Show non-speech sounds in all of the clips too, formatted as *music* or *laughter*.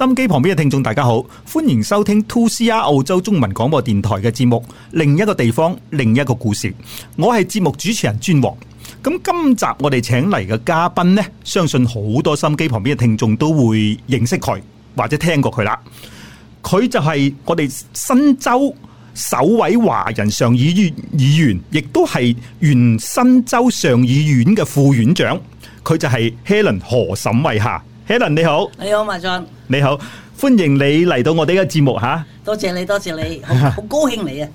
心機旁邊嘅聽眾大家好，歡迎收聽 2CR 澳洲中文廣播電台嘅節目，另一個地方，另一個故事。我係節目主持人尊王，咁今集我哋請嚟嘅嘉賓呢，相信好多心機旁邊嘅聽眾都會認識佢或者聽過佢啦。佢就係我哋新州首位華人上議院議員，亦都係原新州上議院嘅副院長。佢就係 Helen 何沈惠霞。Helen，你好，你好麥俊，馬，你好，歡迎你嚟到我哋嘅節目吓，啊、多謝你，多謝你，好 *laughs* 高興你啊！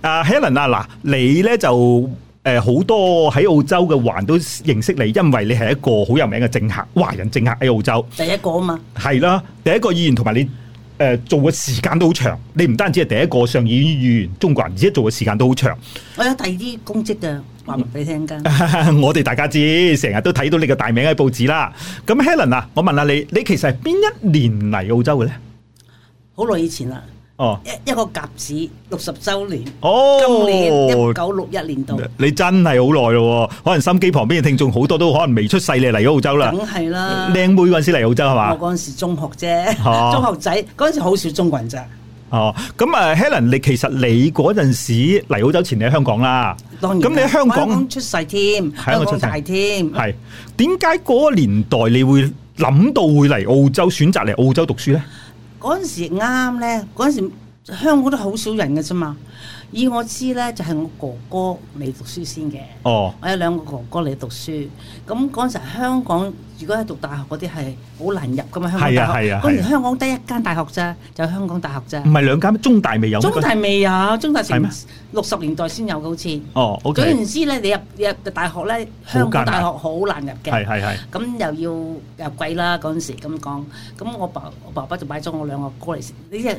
啊、 *laughs* uh，Helen 啊，嗱、呃，你咧就誒好多喺澳洲嘅環都認識你，因為你係一個好有名嘅政客，華人政客喺澳洲第一個啊嘛，係啦，第一個議員同埋你誒、呃、做嘅時間都好長，你唔單止係第一個上議員，中國人而且做嘅時間都好長，我有第二啲公職嘅。俾聽噶，我哋 *laughs* 大家知，成日都睇到你個大名喺報紙啦。咁 Helen 啊，我問下你，你其實係邊一年嚟澳洲嘅咧？好耐以前啦，哦，一一個甲子六十周年，哦，今年一九六一年度，你，你真係好耐咯。可能心機旁邊嘅聽眾好多都可能未出世你嚟咗澳洲啦，梗係啦，靚妹嗰陣時嚟澳洲係嘛？我嗰陣時中學啫，哦、中學仔嗰陣時好少中國人咋。哦，咁啊，Helen，你其實你嗰陣時嚟澳洲前，你喺香港啦。咁你喺香，香港出世添，香港出世添，係點解嗰個年代你會諗到會嚟澳洲選擇嚟澳洲讀書咧？嗰陣時啱咧，嗰陣香港都好少人嘅啫嘛，以我知咧就係、是、我哥哥嚟讀書先嘅。哦，我有兩個哥哥嚟讀書，咁嗰陣時香港如果係讀大學嗰啲係好難入噶嘛。香港大學，嗰陣、啊啊啊、時香港得一間大學咋，就香港大學咋。唔係兩間咩？中大未有。中大未有，有，中大成六十年代先有，嗎好似像。哦，OK。總言之咧，你入你入大學咧，香港大學好難入嘅。係係係。咁又要入貴啦嗰陣時咁講，咁我爸、爸我爸爸就擺咗我兩個哥嚟，你即係。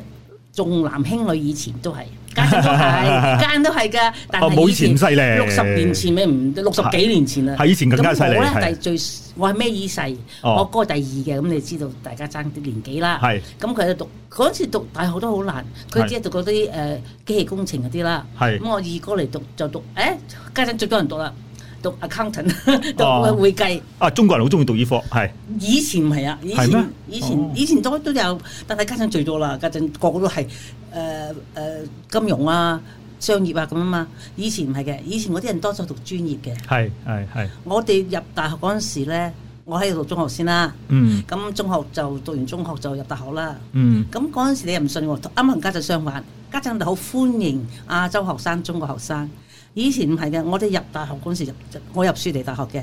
重男輕女以前都係，家陣都係，間 *laughs* 都係㗎。但係以前六十、 *laughs* 哦、年前咩？唔六十幾年前啦，係以前更加犀利。我咧係是最，我係咩二世，我哥哥第二嘅，咁你知道大家爭啲年紀啦。咁佢喺度讀嗰次讀大學都好難，佢只係讀嗰啲誒機器工程嗰啲啦。咁是我二哥嚟讀就讀，誒、哎、家陣最多人讀啦。讀 accountant 讀、哦、 *laughs* 會計啊！中國人好中意讀醫科，係以前唔係啊！以前嗎以前、哦、以前都都有，但係家陣最多啦。家陣個個都係誒誒金融啊、商業啊咁啊嘛。以前唔係嘅，以前嗰啲人多數讀專業嘅。係係係。我哋入大學嗰陣時咧，我喺度讀中學先啦。嗯。咁中學就讀完中學就入大學啦。嗯。咁嗰陣時你又唔信喎？啱啱家陣相反，家陣就好歡迎亞洲學生、中國學生。以前唔係嘅，我哋入大學嗰時入，我入雪梨大學嘅，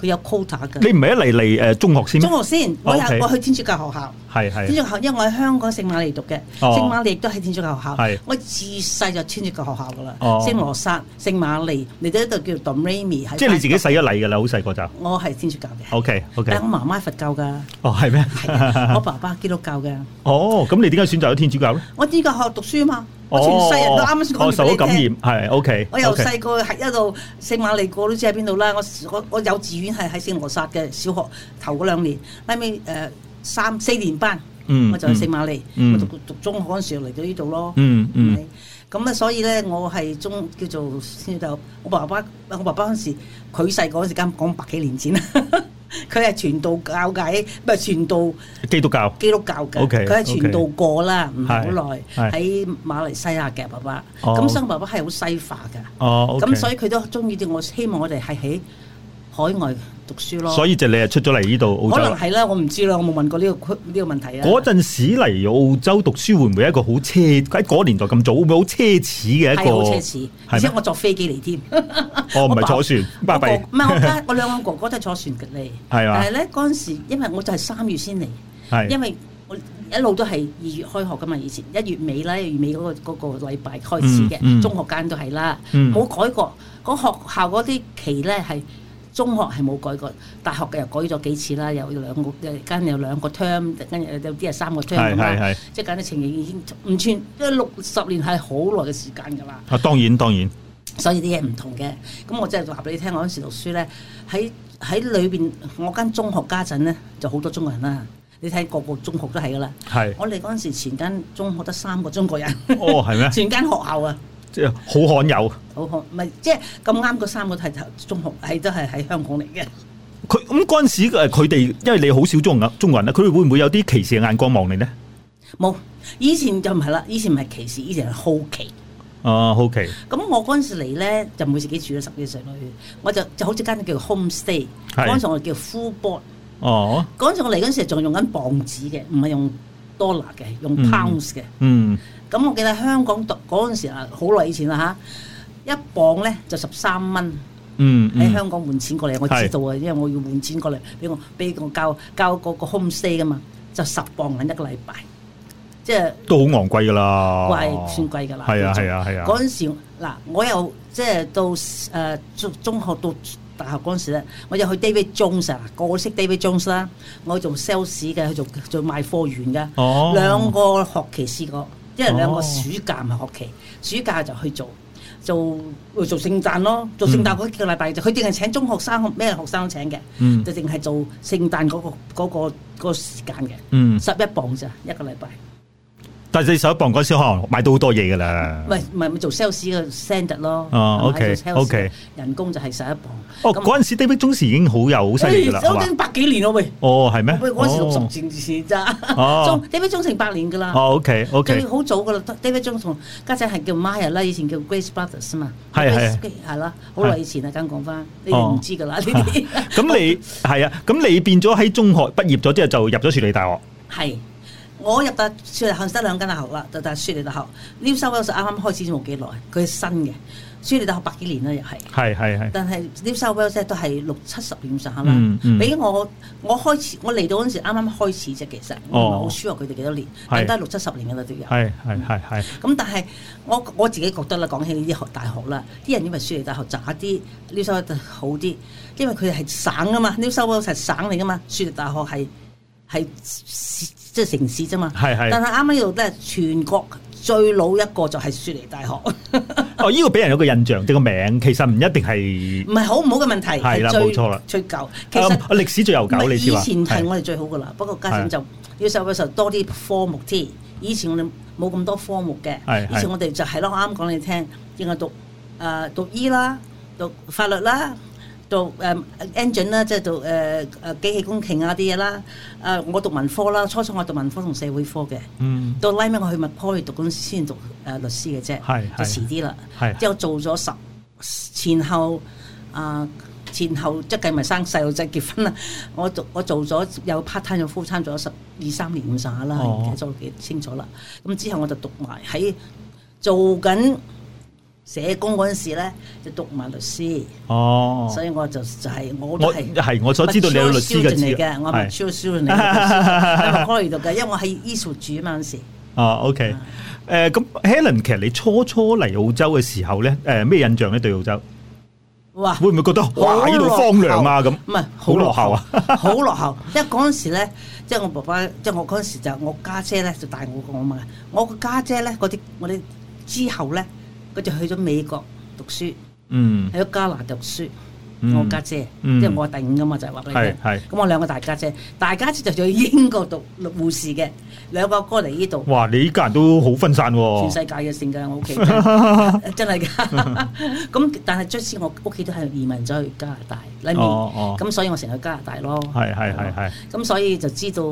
佢有 quota 嘅。你唔係一嚟嚟誒中學先中學先，我我去天主教學校，係係。天主教，因為我喺香港聖瑪麗讀嘅，聖瑪麗亦都係天主教學校。我自細就天主教學校噶啦。哦，聖羅薩、聖瑪麗嚟到呢度叫做 Dominic 即係你自己洗咗禮嘅啦，好細個就。我係天主教嘅。O K O K。但我媽媽佛教噶。哦，係咩？我爸爸基督教嘅。哦，咁你點解選擇咗天主教咧？我依個學讀書啊嘛。哦、我全世人都啱啱先講俾你聽，係 OK。我由細個喺一度聖瑪利個都知喺邊度啦。我我我幼稚園係喺聖羅撒嘅小學頭嗰兩年，拉尾誒三四年班，嗯、我就去聖瑪利。嗯、我讀讀中學嗰時嚟到呢度咯。咁啊、嗯，嗯、所以咧我係中叫做先就我爸爸，我爸爸嗰時佢細個嗰時間講百幾年前啦。 *laughs* 佢係傳道教緊，唔係傳道基督教基督教緊。佢係 Okay, 傳道過啦，唔係好耐喺馬來西亞嘅爸爸。咁生、oh. 爸爸係好西化嘅，咁、oh. Okay. 所以佢都中意啲我希望我哋係喺。海外讀書咯，所以就你又出咗嚟呢度澳洲？可能係啦，我唔知啦，我冇問過呢個呢個問題啊。嗰陣時嚟澳洲讀書會唔會一個好奢喺嗰年代咁早會唔會好奢侈嘅一個？好奢侈，而且我坐飛機嚟添。我唔係坐船，唔係我阿我兩個哥哥都係坐船嘅嚟。係啊。但係咧嗰陣時，因為我就係三月先嚟，因為我一路都係二月開學噶嘛，以前一月尾啦，一月尾嗰個嗰個禮拜開始嘅，中學間都係啦，冇改過。嗰學校嗰啲期咧係。中學係冇改過，大學嘅又改咗幾次啦，有兩個，誒，有兩個 term，跟有有啲係三個 term 咁啦是，即係簡單情形已經唔算，因為六十年係好耐嘅時間㗎啦。啊，當然當然，所以啲嘢唔同嘅。咁我即係話俾你聽，我嗰陣時讀書咧，喺喺裏邊，我間中學家陣咧就好多中國人啦。你睇個個中學都係㗎啦。係是，我哋嗰陣時前間中學得三個中國人，哦係咩？全間學校啊。好罕，好罕有，好罕唔係即係咁啱嗰三個係就中學，係都係喺香港嚟嘅。佢咁嗰陣時誒，佢哋因為你好少中額中國人啦，佢哋會唔會有啲歧視嘅眼光望你咧？冇，以前就唔係啦，以前唔係歧視，以前係好奇。哦，好奇。咁、嗯、我嗰陣時嚟咧就唔會自己住啦，十幾歲嗰年，我就就好似間叫 home stay，嗰陣是我叫 full board。哦。嗰陣我嚟嗰陣時仲用緊磅紙嘅，唔係用 dollar 嘅，用 pounds 嘅。嗯。嗯咁我記得香港讀嗰陣時啊，好耐以前啦嚇，一磅咧就十三蚊。嗯，喺香港換錢過嚟，我知道啊，因為我要換錢過嚟俾我俾我交交嗰個 Home Stay 噶嘛，就十磅銀一個禮拜，即係都好昂貴㗎啦，貴算貴㗎啦。係啊係啊係啊！嗰陣時嗱，我又即係到誒中學到大學嗰陣時咧，我就去 David Jones 啊，個個識 David Jones 啊，我做 sales 嘅，去做做賣貨員嘅。哦，兩個學期試過。因為兩個暑假唔係學期，暑假就去做做做聖誕咯，做聖誕嗰幾個禮拜就佢淨係請中學生，咩學生都請嘅，就淨係做聖誕嗰、嗰個嗰、嗰個、嗰個時間嘅，十一、嗯、磅咋一個禮拜。第十一磅嗰時，可能買到好多嘢噶啦。唔係咪做 sales 嘅 send 咯。哦，OK OK。人工就係十一磅。哦，嗰陣時 David 中時已經好有好犀利噶啦，係嘛？收緊百幾年咯，喂？哦係咩？喂，我先讀十件事咋？David 中成百年噶啦。哦，OK OK。好早噶啦，David 中同家姐係叫 Myer，以前叫 Grace Brothers 啊嘛。係係。係啦，好耐以前啊，咁講翻，你唔知噶啦呢啲。咁你係啊？咁你變咗喺中學畢業咗之後就入咗雪梨大學。係。我入得雪梨肯得兩間大學啦，就但雪梨大學，紐西蘭嗰 s 啱啱開始冇幾耐，佢新嘅，雪梨大學百幾年啦又係，係係係。但係紐西蘭嗰 s 都係六七十年上上嘛。是是是，比我、嗯、我開始我嚟到嗰陣時啱啱開始啫，其實、哦、我輸咗佢哋幾多年，是是都係六七十年噶啦都有，係係係係。咁但係我我自己覺得啦，講起呢啲學大學啦，啲人因為雪梨大學渣啲，n e 紐 s 蘭好啲，因為佢係省啊嘛，New 紐西蘭 s 時省嚟噶嘛，雪梨大學係係。即係城市啫嘛，係係。但係啱啱呢度都係，全國最老一個就係雪梨大學。 *laughs* 哦，呢、呢個俾人有個印象，即係個名，其實唔一定係唔係好唔好嘅問題。係啦，冇錯啦，最舊。其實啊，歷史最悠久歷史話。以前係我哋最好噶啦，的不過家陣就要上嘅時候多啲科目添。以前我哋冇咁多科目嘅。的以前我哋就係、是、咯，啱的講你聽，應該讀誒、呃、讀醫啦，讀法律啦。做誒 engine 啦，即係做誒誒機器工程啊啲嘢啦。誒、呃、我讀文科啦，初初我讀文科同社會科嘅。嗯。到拉尾我去文科去讀公司先讀誒、呃、律師嘅啫，是就遲啲啦。即是之後做咗十是前後啊、呃、前後即係計埋生細路仔結婚啦。我讀我做咗有 part time 有 full time 做咗十二三年五十年啦，唔、嗯嗯、記得幾清楚啦。咁之後我就讀埋喺做緊。社工嗰陣時咧就讀埋律師，哦，所以我就就係我都係係我所知道你係律師嘅嚟嘅，我係超超嚟讀嘅，因為我喺伊索住啊嘛嗰陣時。哦，OK，誒，咁 Helen，其實你初初嚟澳洲嘅時候咧，誒，咩印象咧對澳洲？哇！會唔會覺得哇？呢度荒涼啊咁？唔係好落後啊，好落後。因為嗰陣時咧，即係我爸爸，即係我嗰陣時就我家姐咧就帶我，我問，我個家姐咧嗰啲，我哋之後咧。佢就去咗美國讀書，嗯，去咗加拿大讀書。我家姐，即係我第五噶嘛，就係話畀你聽，係咁我兩個大家姐，大家姐就去英國讀護士嘅，兩個哥嚟呢度。哇！你依家人都好分散喎，全世界嘅性格我屋企，真係㗎。咁但係最初我屋企都係移民咗去加拿大裏面，咁所以我成日去加拿大咯。係係係係。咁所以就知道。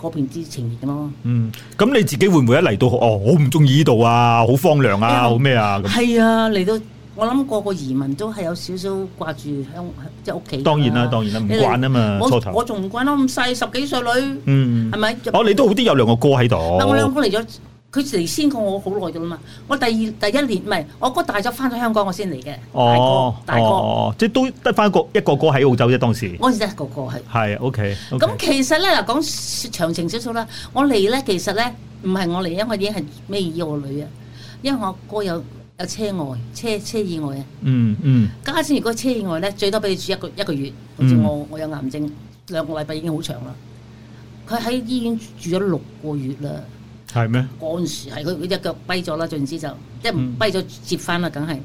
嗰邊之情咯，嗯，咁你自己會唔會一嚟到？哦，我唔中意呢度啊，好荒涼啊，好咩、哎、呦啊？係、哎、啊，嚟到我諗個個移民都係有少少掛住香即係屋企。當然啦、啊，當然啦，唔慣啊嘛，初我頭。我仲唔慣咯，咁細十幾歲女，嗯,嗯，係咪？哦，你都好啲有兩個哥喺度。但我兩個嚟咗。佢嚟先過我好耐嘅啦嘛，我第二第一年唔係，我哥大咗翻咗香港我，我先嚟嘅。哦，大哥，哦、大哥即係都得翻個一個哥喺澳洲啫，當時。我得一個哥係。係，OK。咁其實咧嗱，講詳情少少啦，我嚟咧其實咧，唔係我嚟，因為已經係咩意外女啊，因為我哥有有車外車車意外啊、嗯。嗯嗯。家先如果車意外咧，最多俾你住一個一個月，好似我我，、嗯、我有癌症兩個禮拜已經好長啦，佢喺醫院住咗六個月啦。係咩？嗰陣時係佢佢隻腳跛咗啦，盡之就即係唔跛咗接翻啦，梗係。咁、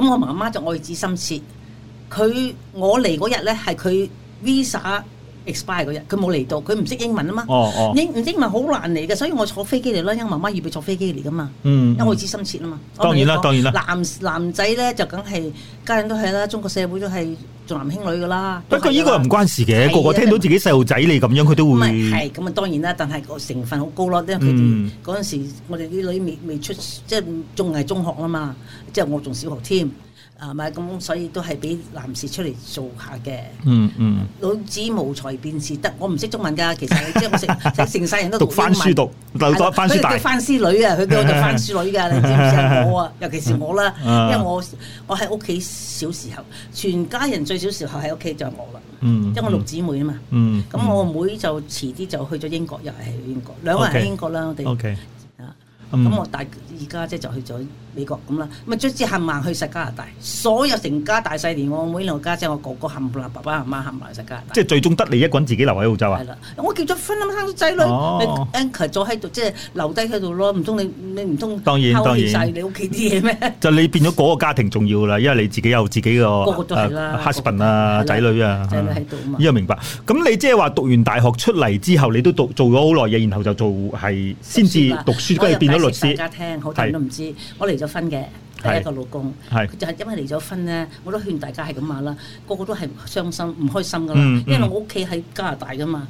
嗯、我媽媽就愛子心切，佢我嚟嗰日咧係佢 Visa。佢冇嚟到，佢唔識英文啊嘛，英唔、哦哦、英文好難嚟嘅，所以我坐飛機嚟咯，因為媽媽預備坐飛機嚟噶嘛，嗯嗯、因為我子心切啊嘛。當然啦，當然啦。男男仔咧就梗係家人都係啦，中國社會都係重男輕女噶啦。不過呢個唔關事嘅，的個個聽到自己細路仔你咁樣，佢都會。唔係，係咁啊！當然啦，但係個成分好高咯，因為佢哋嗰時我哋啲女未未，未出，即係仲係中學啊嘛，即係我仲小學添。啊咪咁，所以都係俾男士出嚟做下嘅。嗯嗯、老子無才便是德。我唔識中文噶，其實你知唔識？成世人都讀翻書讀，所以叫翻書女啊！佢叫我做翻書女噶，你知唔知我啊，尤其是我啦，因為我我喺屋企小時候，全家人最小時候喺屋企就我啦。嗯，因為六姊妹啊嘛。咁我阿妹就遲啲就去咗英國，又係英國，兩個人喺英國啦。O K。咁我大而家即係就去咗美國咁啦，咪將啲冚埋去曬加拿大，所有成家大細連我兩個家姐，我哥哥冚埋，爸爸阿媽冚埋去曬加拿大，即係最終得你一個人自己留喺澳洲啊？係啦，我結咗婚啦，生咗仔女，anchor 咗喺度，即係留低喺度咯，唔通你你唔通拋棄曬你屋企啲嘢咩？就你變咗嗰個家庭重要啦，因為你自己有自己個，個個都係啦，husband 啊、仔女啊，仔女喺度啊嘛，呢個明白。咁你即係話讀完大學出嚟之後，你都讀做咗好耐嘢，然後就做係先至讀書，跟住變咗。大家聽，好多人都唔知，是我離咗婚嘅第一個老公，佢是就係因為離咗婚咧，我都勸大家係咁話啦，個個都係傷心唔開心噶啦。嗯嗯、因為我屋企喺加拿大噶嘛，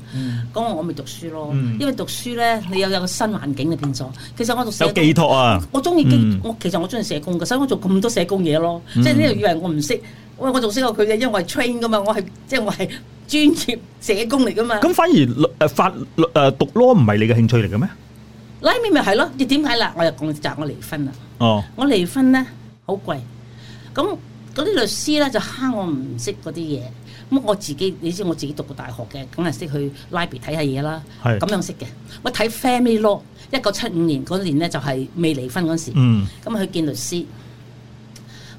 咁、嗯、我咪讀書咯。嗯、因為讀書咧，你又有，有個新環境啊變咗。其實我讀社有寄託啊。我中意、嗯、我其實我中意社工噶，所以我做咁多社工嘢咯。嗯、即係呢度以為，我唔識。我我仲識過佢嘅，因為 train 噶嘛，我係即係我係專業社工嚟噶嘛。咁反而律誒、呃呃呃呃、法誒、呃呃呃、讀 law 唔係你嘅興趣嚟嘅咩？Library 咪係咯，你點解啦？我又講就我離婚啦。哦，我離婚咧好、哦、貴，咁嗰啲律師咧就蝦我唔識嗰啲嘢。咁我自己，你知我自己讀過大學嘅，梗係識去 Library 睇下嘢啦。係咁是樣識嘅。我睇 Family Law，一九七五年嗰年咧就係未離婚嗰時。嗯，咁去見律師。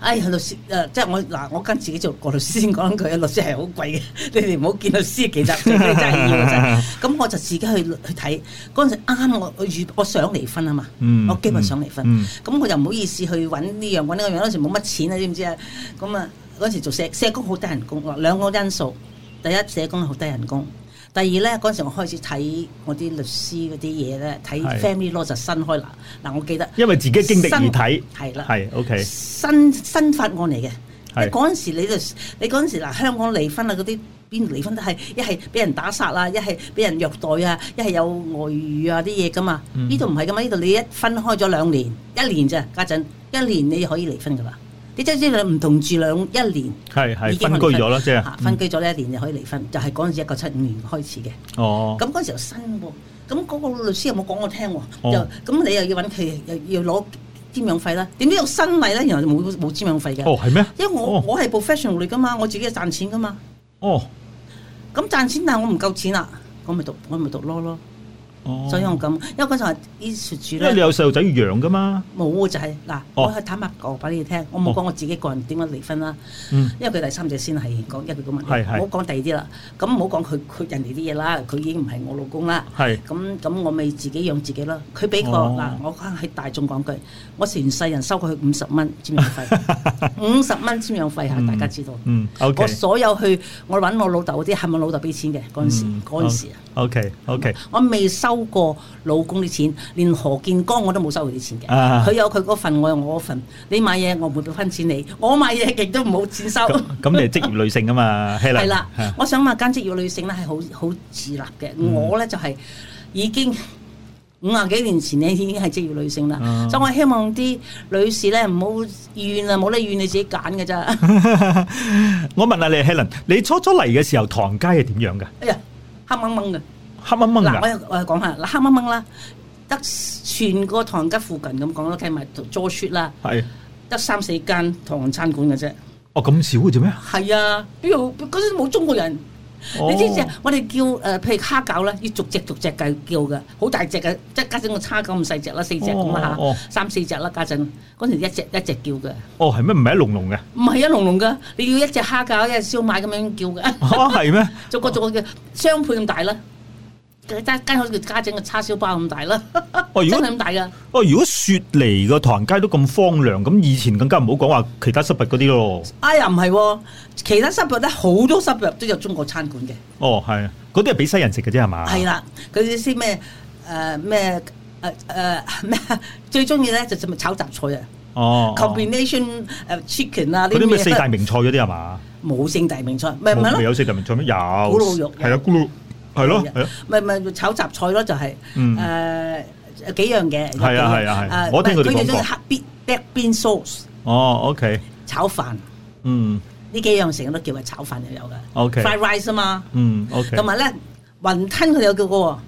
哎呀，律師誒、呃，即係我嗱，我跟自己做過律師先講佢，律師係好貴嘅，你哋唔好見律師幾多，真係要就咁， *laughs* 我就自己去去睇。嗰陣時啱我，我，我想離婚啊嘛，嗯、我基本上離婚，咁、嗯、我又唔好意思去揾呢樣揾呢個樣，嗰時冇乜錢啊，知唔知啊？咁啊，嗰時做社社工好低人工咯，兩個因素，第一社工好低人工。第二咧，嗰陣時我開始睇我啲律師嗰啲嘢咧，睇 family law 就新開喇嗱，我記得，因為自己經歷身體，係啦，係 OK，新新法案嚟嘅。嗰陣是時你就，你嗰陣時嗱，香港離婚啊嗰啲邊度離婚都係一係俾人打殺啊，一係俾人虐待啊，一係有外遇啊啲嘢噶嘛。呢度唔係噶嘛，呢度你一分開咗兩年，一年咋家陣，一年你可以離婚噶啦。你即係即唔同住兩一年已經，係係分居咗啦，即、就、係、是嗯、分居咗呢一年就可以離婚，就係嗰陣時一九七五年開始嘅。哦，咁嗰陣時又新，咁嗰個律師有冇講我聽？又咁、哦、你又要搵佢，又要攞贍養費啦？點知又新嚟咧，然後冇冇贍養費嘅？哦，係咩？因為我、哦、我係 professional 嚟噶嘛，我自己係賺錢噶嘛。哦，咁賺錢但係我唔夠錢啦，我咪讀我咪讀 law 咯。所以我咁，因為嗰陣係啲事主咧，因為你有細路仔要養噶嘛。冇就係嗱，我係坦白講俾你聽，我冇講我自己個人點樣離婚啦。因為佢第三者先係講一個咁嘅問題，唔好講第二啲啦。咁唔好講佢人哋啲嘢啦，佢已經唔係我老公啦。係，咁咁我咪自己養自己咯。佢俾個嗱，我喺大眾講句，我前世人收過佢五十蚊贍養費，五十蚊贍養費嚇大家知道。我所有去我揾我老豆嗰啲係咪老豆俾錢嘅嗰陣時嗰時 O K O K，我未收。收過老公啲錢，連何建剛我都冇收佢啲錢嘅。佢有佢嗰份，我有我嗰份。你買嘢我唔會俾翻錢你，我買嘢亦都冇錢收。咁你係職業女性啊嘛，係啦。係啦，我想話揀職業女性咧係好好自立嘅。我咧就係已經五十幾年前咧已經係職業女性啦。所以我希望啲女士咧唔好怨啊，冇得怨你自己揀嘅咋。我問下你，Helen，你初初嚟嘅時候，唐街係點樣噶哎呀，黑掹掹嘅。黑蚊蚊啊！嗱，我又我又講下嗱，黑蚊蚊啦，得全個唐人街附近咁講啦，計埋租出啦，係得三四間唐人餐館嘅啫。哦，咁少嘅啫咩？係啊，邊度嗰陣冇中國人？你知唔知啊？我哋叫誒，譬如蝦餃咧，要逐隻逐隻計叫嘅，好大隻嘅，即係家陣個蝦餃咁細隻啦，四隻咁啦嚇，三四隻啦家陣，嗰陣一隻一隻叫嘅。哦，係咩？唔係一籠籠嘅？唔係一籠籠嘅，你要一隻蝦餃一隻燒賣咁樣叫嘅。嚇，係咩？就逐個逐個嘅雙倍咁大啦～梗係街家整嘅叉燒包咁大啦，真係咁大噶。哦，如果雪梨個唐人街都咁荒涼，咁以前更加唔好講話其他食物嗰啲咯。哎呀，唔係，其他食物咧好多食物都有中國餐館嘅。哦，係，嗰啲係俾西人食嘅啫，係嘛？係啦，佢啲先咩？誒咩？誒誒咩？最中意咧就做咩炒雜菜啊？哦，combination 誒 chicken 啊，呢啲咩？四大名菜嗰啲係嘛？冇四大名菜，咪有四大名菜咩？有。咕嚕肉係啊，咕嚕。係咯，咪咪炒雜菜咯，就係誒幾樣嘅。係啊係啊係，我聽佢哋講。佢哋中意黑邊 black bean sauce。哦，OK。炒飯，嗯，呢幾樣成日都叫佢炒飯又有嘅。OK。fried rice 啊嘛，嗯 OK。同埋咧雲吞佢哋有叫過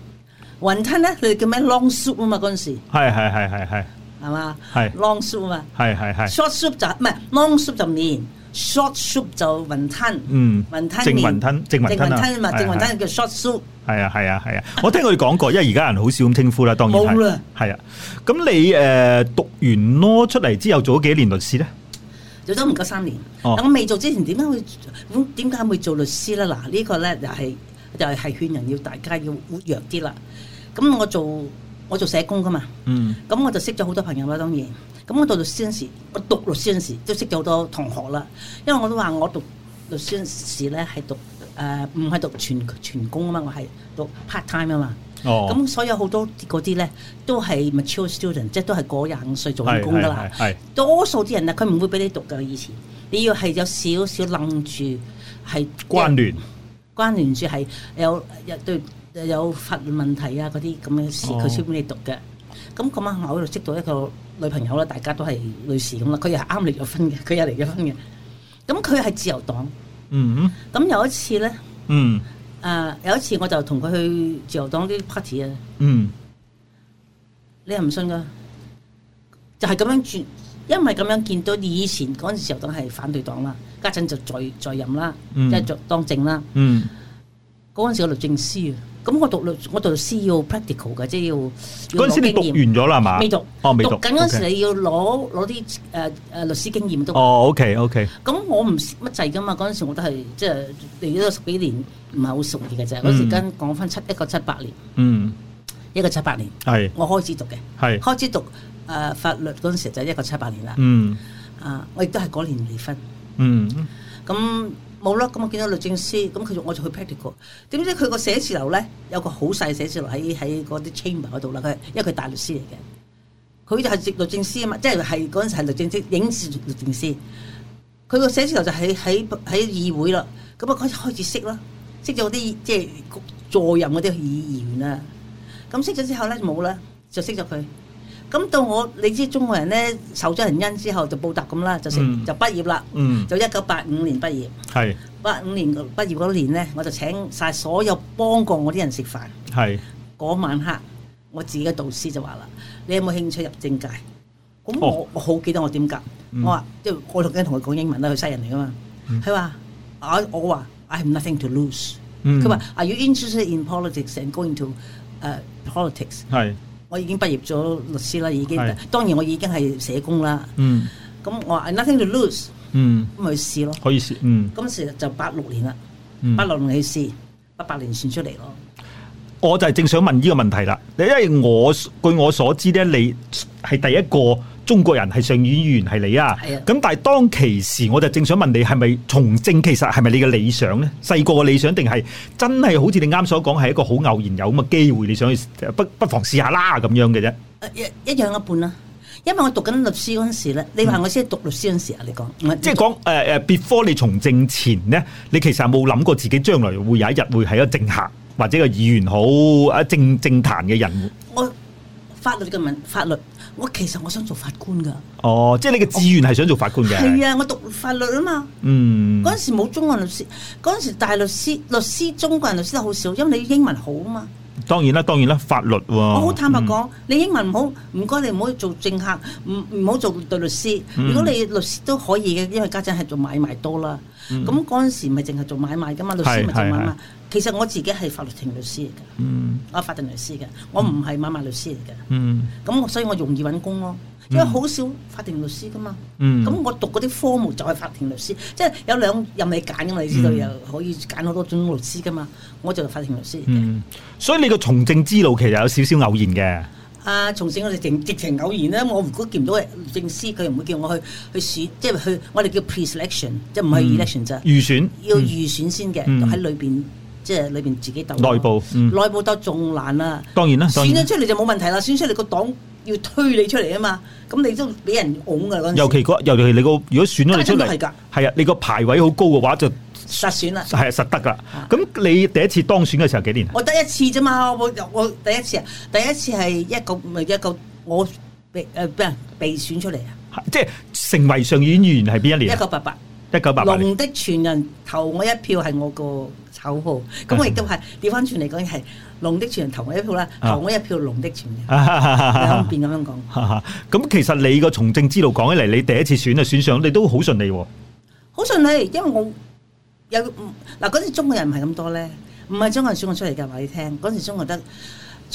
喎，雲吞咧佢哋叫咩 long soup 啊嘛嗰陣時。係係係係係，係嘛？係 long soup 啊嘛。係係係。short soup 就唔係 long soup 就麵。short soup Sh 就雲吞，嗯，雲吞正淨雲吞，淨雲吞嘛，淨雲吞，是、啊、淨雲吞叫 short soup 係啊係啊係啊，啊、我聽佢哋講過，因為而家人好少咁稱呼啦，當然係，係啊，咁你誒讀完咯出嚟之後做咗幾年律師咧？做咗唔夠三年，但我未做之前點樣會點點解會做律師咧？嗱，呢個咧又係又係勸人要大家要活躍啲啦。咁我做我做社工㗎嘛，嗯，咁我就識咗好多朋友啦，當然。咁、嗯、我讀律師嗰陣，我讀律師嗰陣都識咗好多同學啦。因為我都話我讀律師嗰陣時咧係讀誒，唔、呃、係讀全全工啊嘛，我係讀 part time 啊嘛。哦。咁、嗯、所以好多嗰啲咧都係 mature student，即係都係過廿五歲做全工噶啦。係多數啲人啊，佢唔會俾你讀噶。以前你要係有少少愣住係關聯，關聯住係有有對有法律問題啊嗰啲咁嘅事，佢先俾你讀嘅。咁嗰晚我就識到一個。女朋友啦，大家都係女士咁啦，佢又係啱離咗婚嘅，佢又離咗婚嘅。咁佢係自由黨，嗯、mm，咁、hmm。有一次咧，嗯、mm，啊、hmm。呃、有一次我就同佢去自由黨啲 party 啊、mm，嗯、hmm，你又唔信噶？就係、是、咁樣轉，因為咁樣見到以前嗰陣時候都係反對黨啦，家陣就再再任啦，即係做當政啦，嗯、mm，嗰、hmm。陣時個律政司。咁我讀律，我讀律師要 practical 嘅，即係要嗰陣時你讀完咗啦，係嘛？未讀哦，未讀緊嗰陣時，你要攞攞啲誒誒律師經驗都哦，OK OK、嗯。咁我唔乜滯噶嘛，嗰陣時我都係即係嚟咗十幾年，唔係好熟嘅啫。嗰時間講翻七一個七八年，嗯，一個七八年，係我開始讀嘅，係開始讀誒、呃、法律嗰陣時就一個七八年啦，嗯啊，我亦都係嗰年離婚，嗯，咁、嗯。嗯冇啦，咁我見到律政司，咁佢就我就去 practical，點知佢個寫字樓咧有個好細寫字樓喺喺嗰啲 chamber 嗰度啦，佢因為佢大律師嚟嘅，佢就係直律政司啊嘛，即係係嗰陣時係律政司，影子律政司，佢個寫字樓就喺喺喺議會啦，咁啊開開始識啦，識咗啲即係助任嗰啲議員啊，咁識咗之後咧冇啦，就識咗佢。咁到我，你知中國人咧受咗人恩之後就報答咁啦，就成就畢業啦，就一九八五年畢業。係八五年畢業嗰年咧，我就請晒所有幫過我啲人食飯。係嗰晚黑，我自己嘅導師就話啦，你有冇興趣入政界？咁我我好記得我點答。我話即係我同佢講英文啦，佢西人嚟噶嘛。佢話，我我話，I have nothing to lose。佢話，Are you interested in politics and going to，誒 politics？係。我已經畢業咗律師啦，已經是當然我已經係社工啦。嗯，咁我話 nothing to lose。嗯，咁咪去試咯。可以試。嗯，今時就八六年啦，八六年去試，八八年算出嚟咯。我就係正想問呢個問題啦，你因為我據我所知咧，你係第一個。中國人係上議員係你啊，咁係、啊、但係當其時我就正想問你，係咪從政其實係咪你嘅理想呢？細個嘅理想，定係真係好似你啱所講係一個好偶然有咁嘅機會，你想去不不妨試下啦，咁樣嘅啫。一樣一半啦、啊，因為我讀緊律師嗰陣時咧，你話我先讀律師嗰陣時，時啊，嗯、你講即係講誒誒 before 你從政前呢，你其實有冇諗過自己將來會有一日會係一個政客或者個議員，好啊政政壇嘅人，我法律嘅問法律。我其實我想做法官㗎。哦，即係你嘅志願係想做法官嘅？係啊，我讀法律啊嘛。嗯。嗰陣時冇中國人律師，嗰陣時大律師，律師中國人律師都好少，因為你英文好啊嘛。當然啦，當然啦，法律喎、啊。我好坦白講，嗯、你英文唔好，唔該你唔好做政客，唔唔好做讀律師。如果你律師都可以嘅，因為家陣係做買賣多啦。咁嗰陣時咪淨係做買賣噶嘛，律師咪正啊嘛。其實我自己係法律庭律師嚟嘅，嗯、我法庭律師嘅，我唔係買賣律師嚟嘅。咁、嗯、所以我容易揾工咯。因為好少法庭律師噶嘛，咁、嗯、我讀嗰啲科目就係法庭律師，即係有兩任你揀噶嘛，你知道又、嗯、可以揀好多種律師噶嘛，我就法庭律師。嗯，所以你個從政之路其實有少少偶然嘅。啊，從政我哋直直情偶然咧，我如果見唔到律政司，佢又唔會叫我去去，去我 lection, 選，即係去我哋叫 pre-selection，即係唔係 election 啫。預選。要預選先嘅，喺、嗯、裏邊即係裏邊自己鬥。內部。內部鬥仲難啊。當然啦。然然選咗出嚟就冇問題啦，選出嚟個黨。要推你出嚟啊嘛，咁你都俾人拱噶嗰尤其、嗰個，尤其你、嗰個，如果選咗你出嚟，係啊，你個排位好高嘅話就實選啦。係實得噶。咁的你第一次當選嘅時候幾年？我第一次咋嘛，我我第一次啊，第一次係一九唔係一九，我被誒俾人被選出嚟啊，即係成為上議員係邊一年？一九八八。一九八零。龍的傳人，投我一票係我個口號，咁我亦都係調翻轉嚟講係龍的傳人，投我一票啦，投我一票，龍的傳人，方便咁樣講。咁其實你個從政之路講起嚟，你第一次選就選上，你都好順利。好順利，因為我有嗱，嗰陣中國人唔係咁多咧，唔係中國人選我出嚟㗎話你聽，嗰陣時中國得。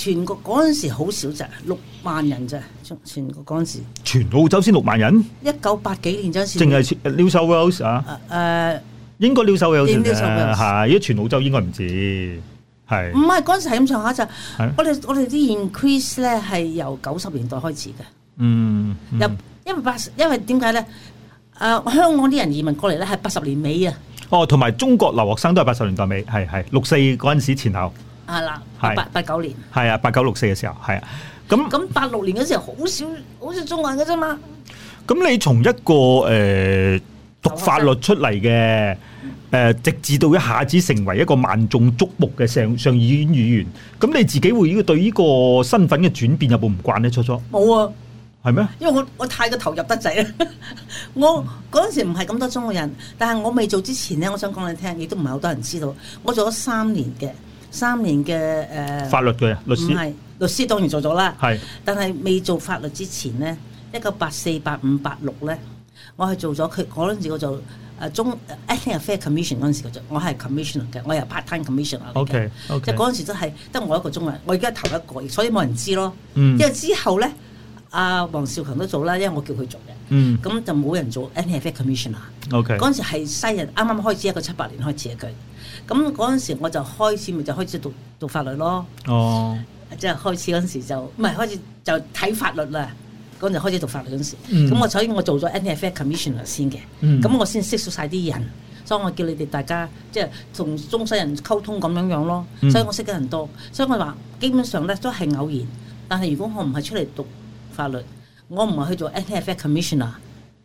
全國嗰陣時好少咋，六萬人咋，全全國嗰陣時。全澳洲先六萬人。一九八幾年嗰陣時。淨係 New South Wales 啊。誒、啊。呃啊、應該 New South Wales New South Wales 係，如果全澳洲應該唔止。係。唔係嗰陣時係咁上下咋。我哋我哋啲 increase 咧係由九十年代開始嘅、嗯。嗯。入，因為八，因為點解咧？誒、啊，香港啲人移民過嚟咧係八十年尾啊。哦，同埋中國留學生都係八十年代尾，係係六四嗰陣時前後。係啦，八八八九年，係啊，八九六四嘅時候，係啊，咁咁八六年嗰時好少，好少中國人嘅啫嘛。咁你從一個誒、呃、讀法律出嚟嘅，誒、呃、直至到一下子成為一個萬眾矚目嘅上上議院議員，咁你自己會呢對呢個身份嘅轉變有冇唔慣呢？初初冇啊，係咩嗎？因為我我太過投入得滯啦。 *laughs* 我嗰陣、嗯、時唔係咁多中國人，但係我未做之前咧，我想講你聽，亦都唔係好多人知道。我做咗三年嘅。三年嘅誒、呃、法律嘅，唔係律師當然做咗啦。係是，但係未做法律之前咧，一九八四、八五、八六咧，我係做咗佢嗰陣時,、啊 uh, 時，我做誒中 ethnic affairs commission 嗰、er、陣時，我 okay, okay. 就我係 commissioner 嘅，我係 part time commissioner O K 即係嗰陣時真係得我一個中人，我而家頭一個，所以冇人知咯。嗯、因為之後咧，阿黃少強都做啦，因為我叫佢做嘅。嗯，咁就冇人做 ethnic affairs commis Okay . sioner O K，嗰陣時係西人啱啱開始一個七八年開始嘅佢。咁嗰陣時我就開始咪就開始讀讀法律咯，即係、oh. 開始嗰陣時就唔係開始就睇法律啦。嗰陣開始讀法律嗰陣時，咁、mm. 我首先我做咗 Ethnic Affairs Commis、mm. sioner 先嘅，咁我先識咗晒啲人，所以我叫你哋大家即係同中西人溝通咁樣樣咯。Mm. 所以我識嘅人多，所以我話基本上咧都係偶然。但係如果我唔係出嚟讀法律，我唔係去做 Ethnic Affairs Commissioner，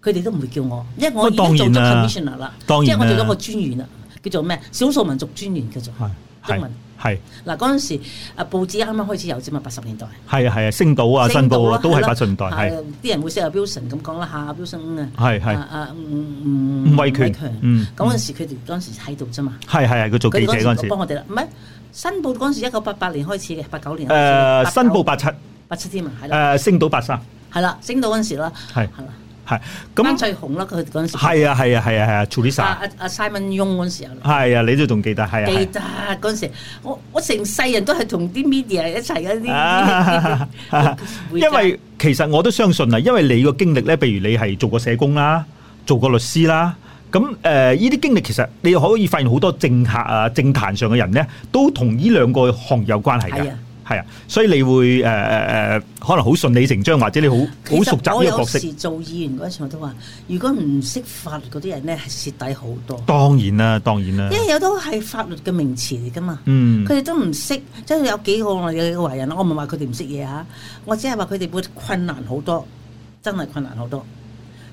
佢哋都唔會叫我，因為我已經做咗 Commissioner 啦，當然當然即係我做咗個專員啦。叫做咩？少數民族專員叫做中文。嗱，嗰陣時啊，報紙啱啱開始有啫嘛，八十年代。係啊係啊，星島啊，申報啊，都係八十年代係。啲人會寫阿彪神咁講啦，吓阿彪神啊，係係啊，唔唔唔維權強，嗯。咁嗰陣時佢哋嗰陣時喺度啫嘛。係係係，佢做記者嗰陣時。幫我哋啦，唔係申報嗰陣時，一九八八年開始嘅，八九年。誒，申報八七，八七添啊，誒，星島八三，係啦，星島嗰陣時啦，係。係咁最紅啦，佢嗰陣時係啊係啊係啊係 Tr isa, 啊處理晒阿 Simon Young 雍嗰陣時候，係啊，你都仲記得係啊？記得嗰陣時，我我成世人都係同啲 media 一齊啲，因為 *laughs* 其實我都相信啊，因為你個經歷咧，譬如你係做過社工啦，做過律師啦，咁誒，依、呃、啲經歷其實你可以發現好多政客政壇啊、政壇上嘅人咧，都同呢兩個行有關係噶。係啊，所以你會誒誒誒，可能好順理成章，或者你好好其實 熟習呢個角色。我有時做議員嗰時我都話，如果唔識法律嗰啲人咧，係蝕底好多當。當然啦，當然啦。因為有都係法律嘅名詞嚟㗎嘛，佢哋、嗯、都唔識，即係有幾個我有幾個華人，我唔係話佢哋唔識嘢嚇，我只係話佢哋會困難好多，真係困難好多。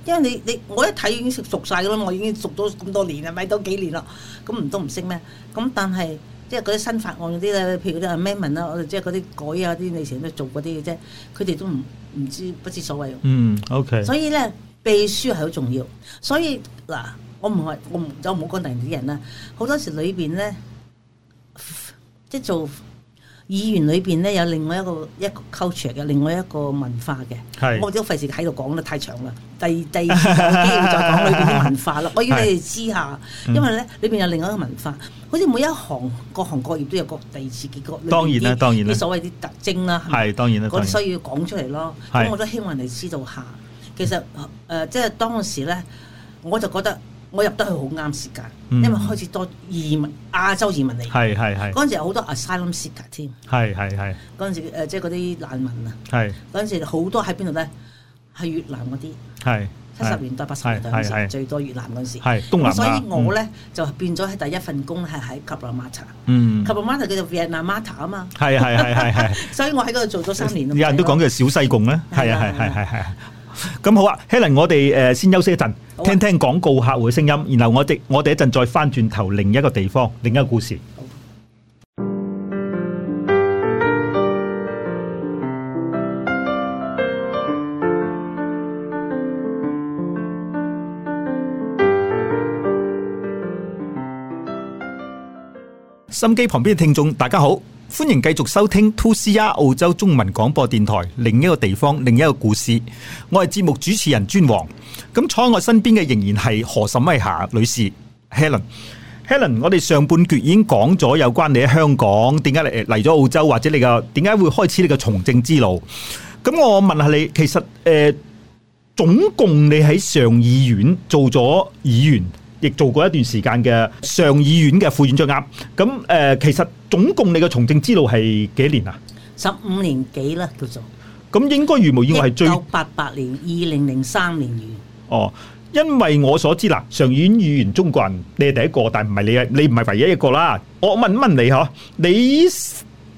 因為你你我一睇已經熟晒曬㗎啦嘛，我已經熟咗咁多年啦，咪多幾年咯，咁唔都唔識咩？咁但係。即係嗰啲新法案嗰啲咧，譬如嗰啲 amendment 啦，我哋即係嗰啲改啊，啲你成日都做嗰啲嘅啫，佢哋都唔唔知不知所謂。嗯，OK。所以咧，秘書係好重要。所以嗱，我唔係我就唔好講第啲人啦。好多時裏邊咧，即係做。議員裏邊咧，有另外一個一個 culture 嘅，另外一個文化嘅，化是我都費事喺度講得太長啦。第第二次機會再講裏邊啲文化咯， *laughs* 我要你哋知下，因為咧裏邊有另外一個文化，好似每一行各行各業都有個第二次結果。當然啦，吧當然啦，啲所謂啲特徵啦，係當然啦，嗰啲需要講出嚟咯。咁是我都希望人哋知道下，其實誒、嗯呃、即係當時咧，我就覺得。我入得去好啱時間，因為開始多移民亞洲移民嚟。係係係。嗰陣時有好多 asylum seeker 添。係係係。嗰陣時誒，即係嗰啲難民啊。係。嗰陣時好多喺邊度咧？係越南嗰啲。係。七十年代、八十年代嗰時最多越南嗰陣時。係。東南亞。所以我咧就變咗喺第一份工係喺 Cabramatta。嗯。Cabramatta 叫做 Vietnamatta 啊嘛。係啊係係係係。所以我喺嗰度做咗三年。有人都講叫小西貢咧。係啊係係係係。咁好啊，Helen，我哋誒先休息一陣，聽聽廣告客戶嘅聲音，然後我哋我哋一陣再翻轉頭另一個地方，另一個故事。啊、心機旁邊嘅聽眾，大家好。歡迎繼續收聽 2CR 澳洲中文廣播電台，另一個地方，另一個故事，我係節目主持人尊王，咁坐喺我身邊嘅仍然係何沈慧霞女士 Helen，Helen，Helen，我哋上半局已經講咗有關你喺香港點解嚟，嚟咗澳洲，或者你嘅點解會開始你嘅從政之路，咁我問下你，其實誒、呃，總共你喺上議院做咗議員。亦做過一段時間嘅上議院嘅副院長啊，咁誒、呃，其實總共你嘅從政之路係幾年啊？十五年幾啦，叫做。咁應該如無意外係最。一九八八年，二零零三年完。哦，因為我所知啦，上院議員中國人你係第一個，但係唔係你啊？你唔係唯一一個啦。我問問你呵，你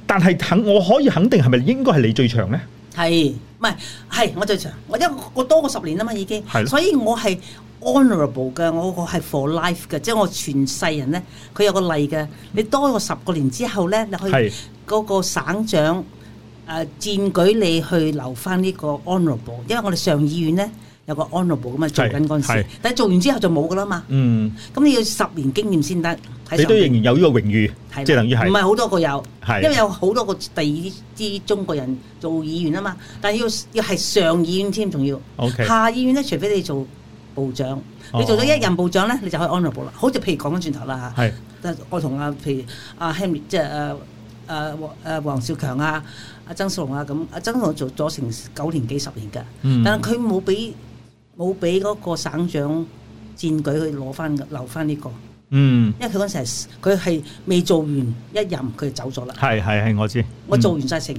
但係肯我可以肯定係咪應該係你最長咧？係，唔係係我最長，我一我多過十年啊嘛已經，的所以我係。honourable 嘅，我我係 for life 嘅，即係我全世人咧，佢有個例嘅。你多過十個年之後咧，你可以嗰個省長誒薦、呃、舉你去留翻呢個 honourable 因為我哋上議院咧有個 honourable 咁啊做緊嗰陣時，但係做完之後就冇噶啦嘛。嗯，咁你要十年經驗先得。你都仍然有呢個榮譽，吧即係等於係唔係好多個有？係因為有好多個第二啲中國人做議員啊嘛，但係要要係上議院添，仲要 Okay. 下議院咧，除非你做。部長，你做咗一任部長咧，你就可以 honorable 啦。好似譬如講翻轉頭啦嚇，是我同阿譬如阿 Henry 即係誒誒誒黃少強啊、阿曾舜龍啊咁，阿曾舜龍做咗成九年幾十年嘅，但係佢冇俾冇俾嗰個省長薦舉去攞翻留翻呢、這個。嗯，因為佢嗰時係佢係未做完一任，佢就走咗啦。係係係，我知。我做完晒成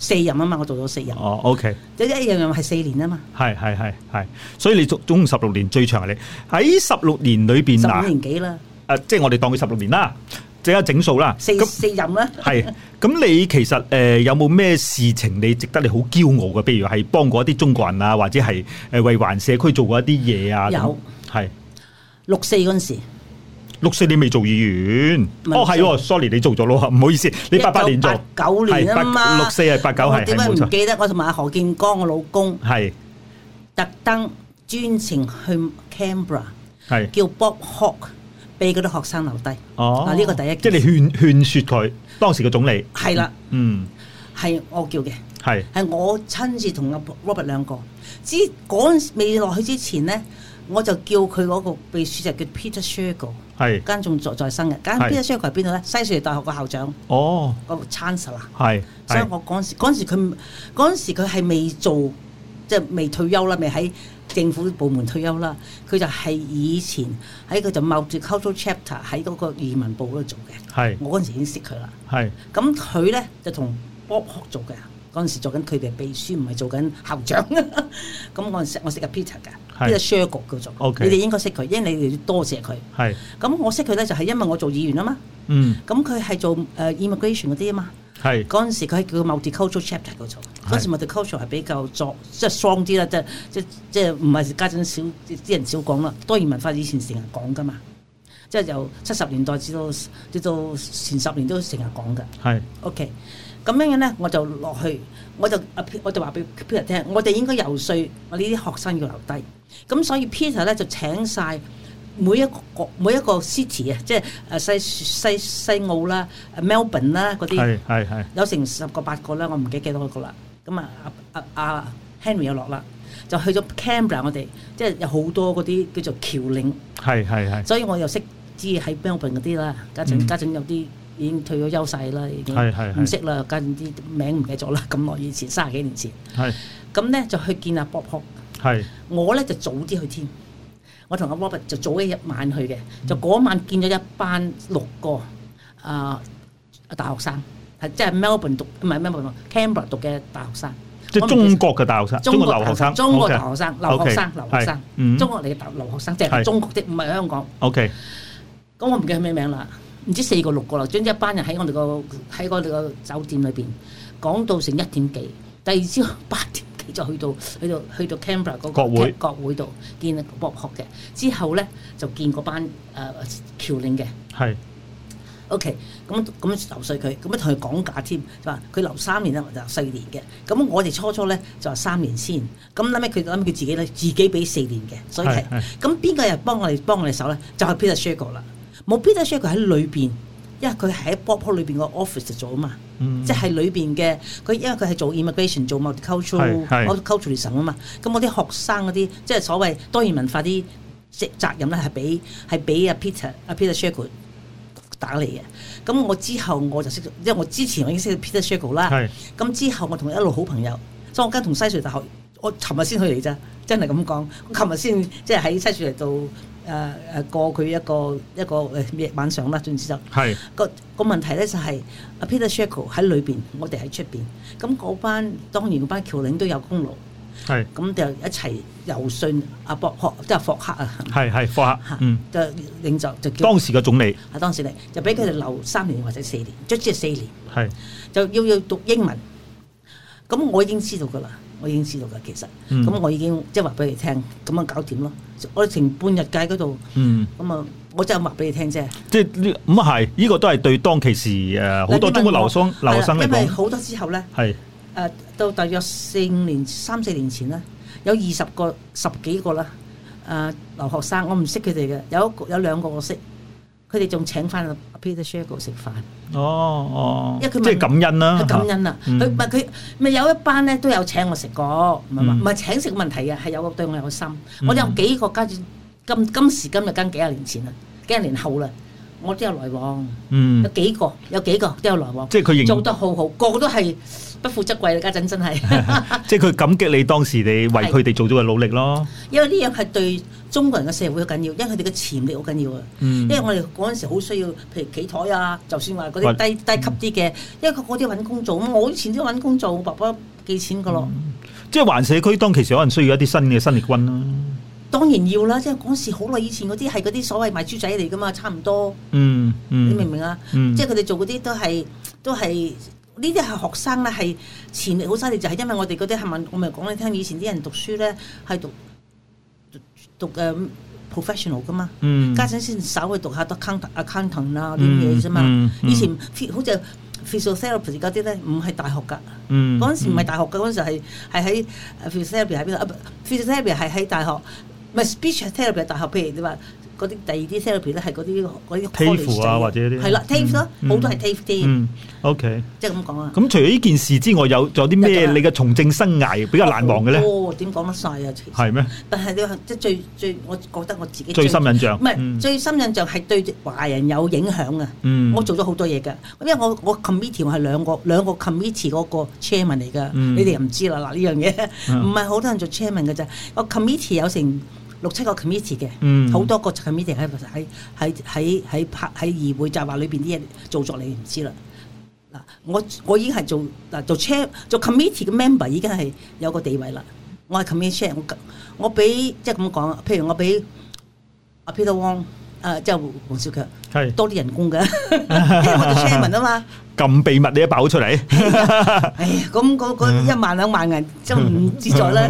四任啊嘛，我做咗四任。哦，OK。一一樣樣係四年啊嘛。係係係係，所以你做總共十六年，最長係你喺十六年裏邊十五年幾啦？誒，即係我哋當佢十六年啦，即係整數啦。四四任啦。係，咁你其實誒有冇咩事情你值得你好驕傲嘅？譬如係幫過一啲中國人啊，或者係誒為環社區做過一啲嘢啊？有，係六四嗰陣時。六四年未做議員，哦係，sorry 你做咗咯，唔好意思，你八八年做九年八嘛，六四係八九係，點解唔記得？我同埋何建剛我老公係特登專程去 Canberra 係叫 Bob Hawke 俾嗰啲學生留低，哦，啊呢個第一，即係你勸勸說佢當時個總理，係啦，嗯，係我叫嘅，係係我親自同阿 Robert 兩個，之嗰陣未落去之前咧，我就叫佢嗰個秘書就叫 Peter Shergold 係，間仲在在生嘅，間邊一張佢喺邊度咧？西悉尼大學個校長，哦、oh, 是，個 chancellor 啊，所以我嗰時嗰是時佢嗰時佢係未做，即係未退休啦，未喺政府部門退休啦，佢就係以前喺佢就 multicultural chapter 喺嗰個移民部嗰度做嘅，係是，我嗰陣時已經識佢啦，係是，咁佢咧就同 Bob、Hawke、做嘅，嗰陣時做緊佢嘅秘書，唔係做緊校長，咁 *laughs* 我識我識個 Peter 㗎。呢個 Shergold，group, Okay. 你哋應該識佢，因為你哋要多謝佢。係的，咁我識佢咧就係因為我做議員啊嘛。嗯，咁佢係做誒、uh, immigration 嗰啲啊嘛。係的，嗰陣時佢係叫做 multicultural chapter 嗰度。嗰時 multicultural 係比較作的，即係 strong 啲啦，即係即即係唔係家陣少啲人少講啦。多元文化以前成日講㗎嘛。即係由七十年代至到至到前十年都成日講嘅。係是。O K。咁樣樣咧，我就落去，我就我就話俾 Peter 聽，我哋應該游說我呢啲學生要留低。咁所以 Peter 咧就請晒每一個每一個 city 啊，即係誒西西西澳啦、Melbourne 啦嗰啲。係係係。有成十個八個啦，我唔記得幾多個啦。咁啊啊啊 Henry 又落啦，就去咗 Canberra 我哋，即係有好多嗰啲叫做僑領。係係係。所以我又識。知喺 Melbourne 嗰啲啦，家陣家陣有啲已經退咗休曬啦，已經唔識啦，家陣啲名唔記得咗啦。咁耐以前，卅幾年前。係。咁咧就去見阿 Bob。係。我咧就早啲去添。我同阿 Robert 就早一晚去嘅，就嗰晚見咗一班六個啊啊大學生，係即係 Melbourne 讀唔係 Melbourne，Canberra 讀嘅大學生。即係中國嘅大學生。中國大學生。中國大學生。留學生。留學生。嗯。中國嚟嘅留學生，即係中國啲，唔係香港。O K。咁我唔記得咩名啦，唔知四個六個啦，將一班人喺我哋個喺我哋個酒店裏邊講到成一點幾，第二朝八點幾就去到去到去到 Canberra 嗰個國會國會度見 Bob Hawke 嘅，之後咧就見嗰班誒僑、呃、領嘅。係是，OK，咁咁留碎佢，咁樣同佢講價添，就話佢留三年啦，留、就是、四年嘅。咁我哋初初咧就話、是、三年先，咁諗咩？佢諗佢自己咧自己俾四年嘅，所以係。咁邊個又幫我哋幫我哋手咧？就係、是、Peter Shergold 啦。冇 Peter Shergold 喺裏邊，因為佢喺 Bob 波坡裏邊個 office 做啊嘛，即係、嗯、裏邊嘅佢，因為佢係做 immigration 做 ult ultural, multicultural multiculturalism 啊嘛，咁我啲學生嗰啲即係所謂多元文化啲責責任咧係俾係俾阿 Peter 阿 Peter Shergold 打嚟嘅，咁我之後我就識，因為我之前我已經識 Peter、er、kel, Shergold 啦，咁之後我同佢一路好朋友，所以我而家同西翠大學，我尋日先去嚟咋，真係咁講，我尋日先即係喺西翠嚟到。誒誒、呃、過佢一個一個誒晚上啦，總之就是、是個個問題咧就係、是、阿 Peter Shergold 喺裏邊，我哋喺出邊。咁嗰班當然嗰班僑領都有功勞，係咁是就一齊遊說阿博、啊就是、克，即係霍克啊，係係霍克嚇，就領袖就當時嘅總理係當時嚟，就俾佢哋留三年或者四年，卒之係四年，係是就要要讀英文。咁我已經知道噶啦，我已經知道噶，其實咁、嗯、我已經即係話俾佢哋聽，咁樣搞掂咯。我哋成半日喺嗰度，咁啊，我就默俾你聽啫。即係呢，唔係呢個都係對當其時誒，好多中國留生留學生嚟。因為好多之後咧，係誒的、呃、到大約四五年、三四年前咧，有二十個、十幾個啦，誒、呃、留學生，我唔識佢哋嘅，有有兩個我識。佢哋仲請翻 Peter Shergold 食飯。哦哦，哦因為即係感恩啦、啊，感恩啦、啊。佢唔係佢咪有一班咧都有請我食過，唔係唔係請食問題啊，係有個對我有心。嗯、我有幾個家姐今今時今日跟幾廿年前啊，幾廿年後啦，我都有來往。嗯，有幾個有幾個都有來往。即係佢做得好好，個個都係。不負則貴啦，家陣真係，即係佢感激你當時你為佢哋做咗嘅努力咯。因為呢樣係對中國人嘅社會好緊要，因為佢哋嘅潛力好緊要啊。因為我哋嗰陣時好需要，譬如企台啊，就算話嗰啲低低級啲嘅，因為嗰啲揾工做，我以前都揾工做，爸爸寄錢嘅咯。即係環社區，當其實可能需要一啲新嘅新力軍啦。當然要啦，即係嗰時好耐以前嗰啲係嗰啲所謂賣豬仔嚟㗎嘛，差唔多。嗯，你明唔明啊？ *laughs* 嗯、即係佢哋做嗰啲都係都係。呢啲係學生咧，係潛力好犀利。就係因為我哋嗰啲係問我咪講你聽，以前啲人讀書咧係讀讀讀誒、嗯、professional 噶嘛，家陣先稍微讀下啲 account accountant 啊啲嘢啫嘛。嗯嗯、以前好似 physical therapist 嗰啲咧唔係大學㗎，嗰陣、嗯嗯、時唔係大學㗎，嗰陣時係喺 physical therapy 喺邊度、啊、physical therapy 係喺大學，咪 speech therapist 大學譬如你話？嗰啲第二啲 therapy 咧，係嗰啲嗰啲 tape 啊，或者啲係啦，tape 咯，好、嗯、多係 tape 添。O.K. 即係咁講啊。咁、嗯、除咗呢件事之外，有仲有啲咩？你嘅從政生涯比較難忘嘅咧？點講得晒啊？係咩？啊、嗎但係你即係最最，我覺得我自己最深印象唔係最深印象係不、嗯、對華人有影響啊！嗯、我做咗好多嘢㗎，因為我我 committee 我係 comm 兩個兩個 committee 嗰個 chairman 嚟㗎，嗯、你哋又唔知啦嗱呢樣嘢，唔係好多人做 chairman 㗎啫，我 committee 有成。六七個 committee 嘅，嗯、好多個 committee 喺喺喺喺拍喺議會就話裏邊啲嘢做作你唔知啦。嗱，我我已經係做嗱做 chair 做 committee 嘅 member 已經係有個地位啦。我係 committee chair，我我畀即係咁講，譬如我畀阿 Peter Wong 誒即係黃少強。多啲人工嘅，因為我哋 chairman 啊嘛，咁秘密你一爆出嚟，咁嗰嗰一萬兩萬銀真唔自在啦。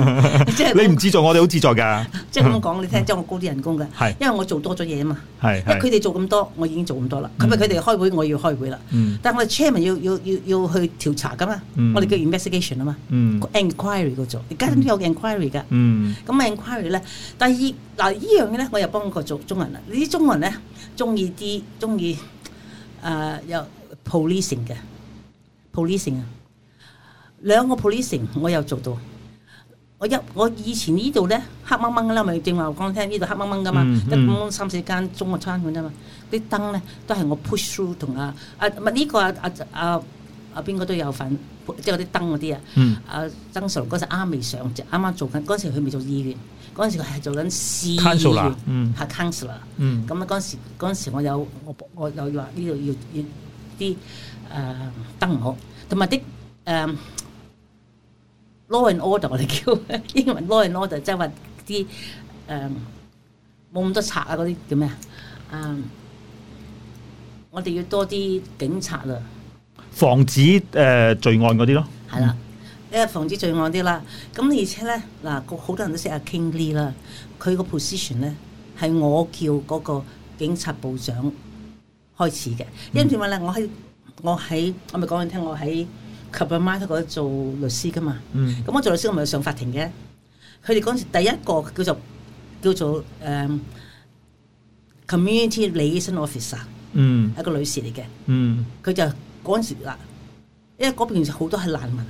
即係你唔自在，我哋好自在㗎。即係咁講你聽，即係我高啲人工嘅。因為我做多咗嘢啊嘛。因為佢哋做咁多，我已經做咁多啦。佢啊，佢哋開會我要開會啦。但係我哋 chairman 要要要要去調查㗎嘛。我哋叫 investigation 啊嘛。嗯，inquiry 嗰度，而家都有 inquiry 㗎。咁咁 inquiry 咧，第二嗱依樣嘢咧，我又幫過做中文啊。你啲中文咧，中意啲。中意啊，又、呃、policing 嘅 policing 啊，兩個 policing 我又做到。我一我以前呢度咧黑掹掹啦，咪正話我講聽呢度黑掹掹噶嘛，得三四間中嘅餐館啫嘛，啲燈咧都係我 push through 同阿阿咪呢個阿阿阿邊個都有份，即係我啲燈嗰啲啊。曾阿曾 sir 嗰陣啱啱未上，就啱啱做緊，嗰時佢未做呢嘅。嗰陣時佢係做緊司，or, 嗯，係 counselor 嗯，咁啊嗰陣時嗰陣時我有我我有話呢度要要啲誒燈唔好，同埋啲誒 law and order 我哋叫英文 law and order，即係話啲誒冇咁多賊啊嗰啲叫咩啊？嗯、呃，我哋要多啲警察啊，防止誒、呃、罪案嗰啲咯，係啦。一防止罪案啲啦，咁而且咧嗱，好多人都識阿 King Lee 啦，佢個 position 咧，係我叫個警察部長開始嘅。嗯、因為點話咧，我喺我喺我咪講你聽我喺 Cabramatta 度做律師噶嘛。咁、嗯、我做律師，我咪上法庭嘅。佢哋陣時第一個叫做叫做誒 Community Liaison Officer，n o 嗯，係、嗯、一個女士嚟嘅，嗯，佢就陣時時啦，因為嗰邊好多係難民。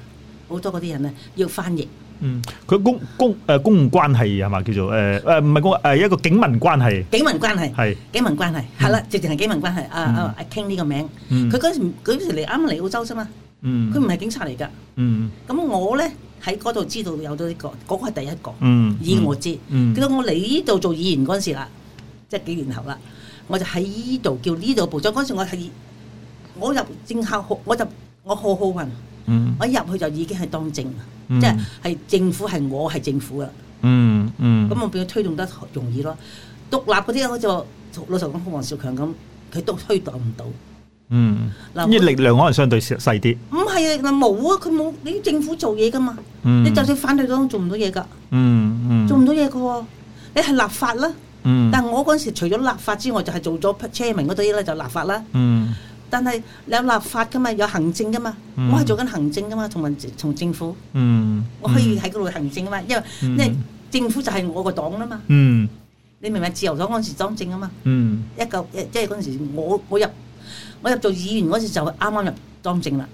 好多嗰啲人咧要翻譯，嗯，佢公公誒、啊、公務關係係嘛，叫做誒誒唔係公誒、呃、一個警民關係，警民關係係警民關係係啦，直情係警民關係。阿阿傾呢個名，佢嗰、嗯、時嗰時嚟啱啱嚟澳洲啫嘛，佢唔係警察嚟㗎，嗯，咁我咧喺嗰度知道有咗一、這個，嗰、那個係第一個，嗯、以我知，嗯，到我嚟呢度做議員嗰陣時啦，即、就、係、是、幾年後啦，我就喺呢度叫呢度部長，嗰陣時我係我入政客，我就，我，就我好我好運。嗯、我一入去就已經係當政，嗯、即係係政府係我係政府噶，咁我畀佢推動得容易咯。獨立嗰啲我就老實講，好黃少強咁，佢都推動唔到。嗱、嗯，呢后力量可能相對細啲。唔係啊，冇啊，佢冇你政府做嘢噶嘛。嗯、你就算反對黨做唔到嘢噶，做唔到嘢噶、嗯嗯哦，你係立法啦。嗯、但係我嗰時除咗立法之外，就係、是、做咗批車文嗰啲咧，就立法啦。嗯但係你有立法噶嘛，有行政噶嘛，我係做緊行政噶嘛，同民同政府，我可以喺度行政嘛，因為因為政府就係我個黨啊嘛，你明唔明？自由黨嗰陣時當政啊嘛，一九即係嗰陣時，我我入我入做議員嗰時就啱啱入當政啦，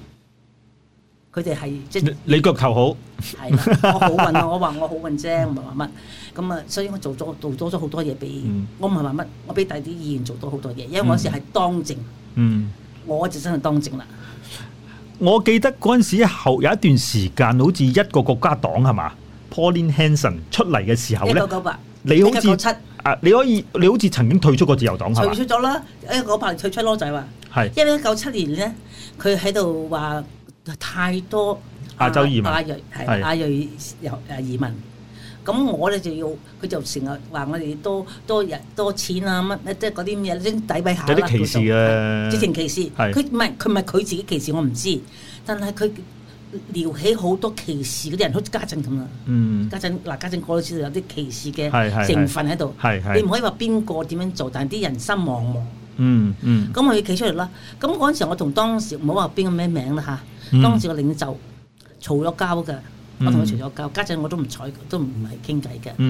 佢哋係即係你腳頭好，係我好運啊！我話我好運啫，唔係話乜咁啊！所以我做咗做多咗好多嘢俾我唔係話乜，我俾第啲議員做到好多嘢，因為我嗰時係當政。我就真係當政啦！我記得嗰陣時候有一段時間，好似一個國家黨係嘛，Pauline Hanson 出嚟嘅時候咧，一九九八，你好似一九九八啊，你可以你好似曾經退出過自由黨係，退出咗啦，一九九八退出囉仔話，係因為九七、就是、年咧，佢喺度話太多亞洲移民，亞裔係亞裔由移民。咁我咧就要，佢就成日話我哋多多人多錢啊乜，即係嗰啲咁嘢都底屢下啦。有啲歧視嘅，直情歧視。佢唔係佢唔係佢自己歧視我唔知，但係佢撩起好多歧視嗰啲人，好似家陣咁、嗯、啊。嗯。家陣嗱，家陣過咗之後有啲歧視嘅成分喺度。係係係係你唔可以話邊個點樣做，但係啲人心惶惶、嗯。嗯嗯。咁我要企出嚟啦。咁嗰陣時我同當時唔好話邊個咩名啦吓、啊，當時個領袖嘈咗交㗎。Mm hmm. 我同佢除咗交，家陣，我都唔睬佢，都唔係傾偈嘅。咁、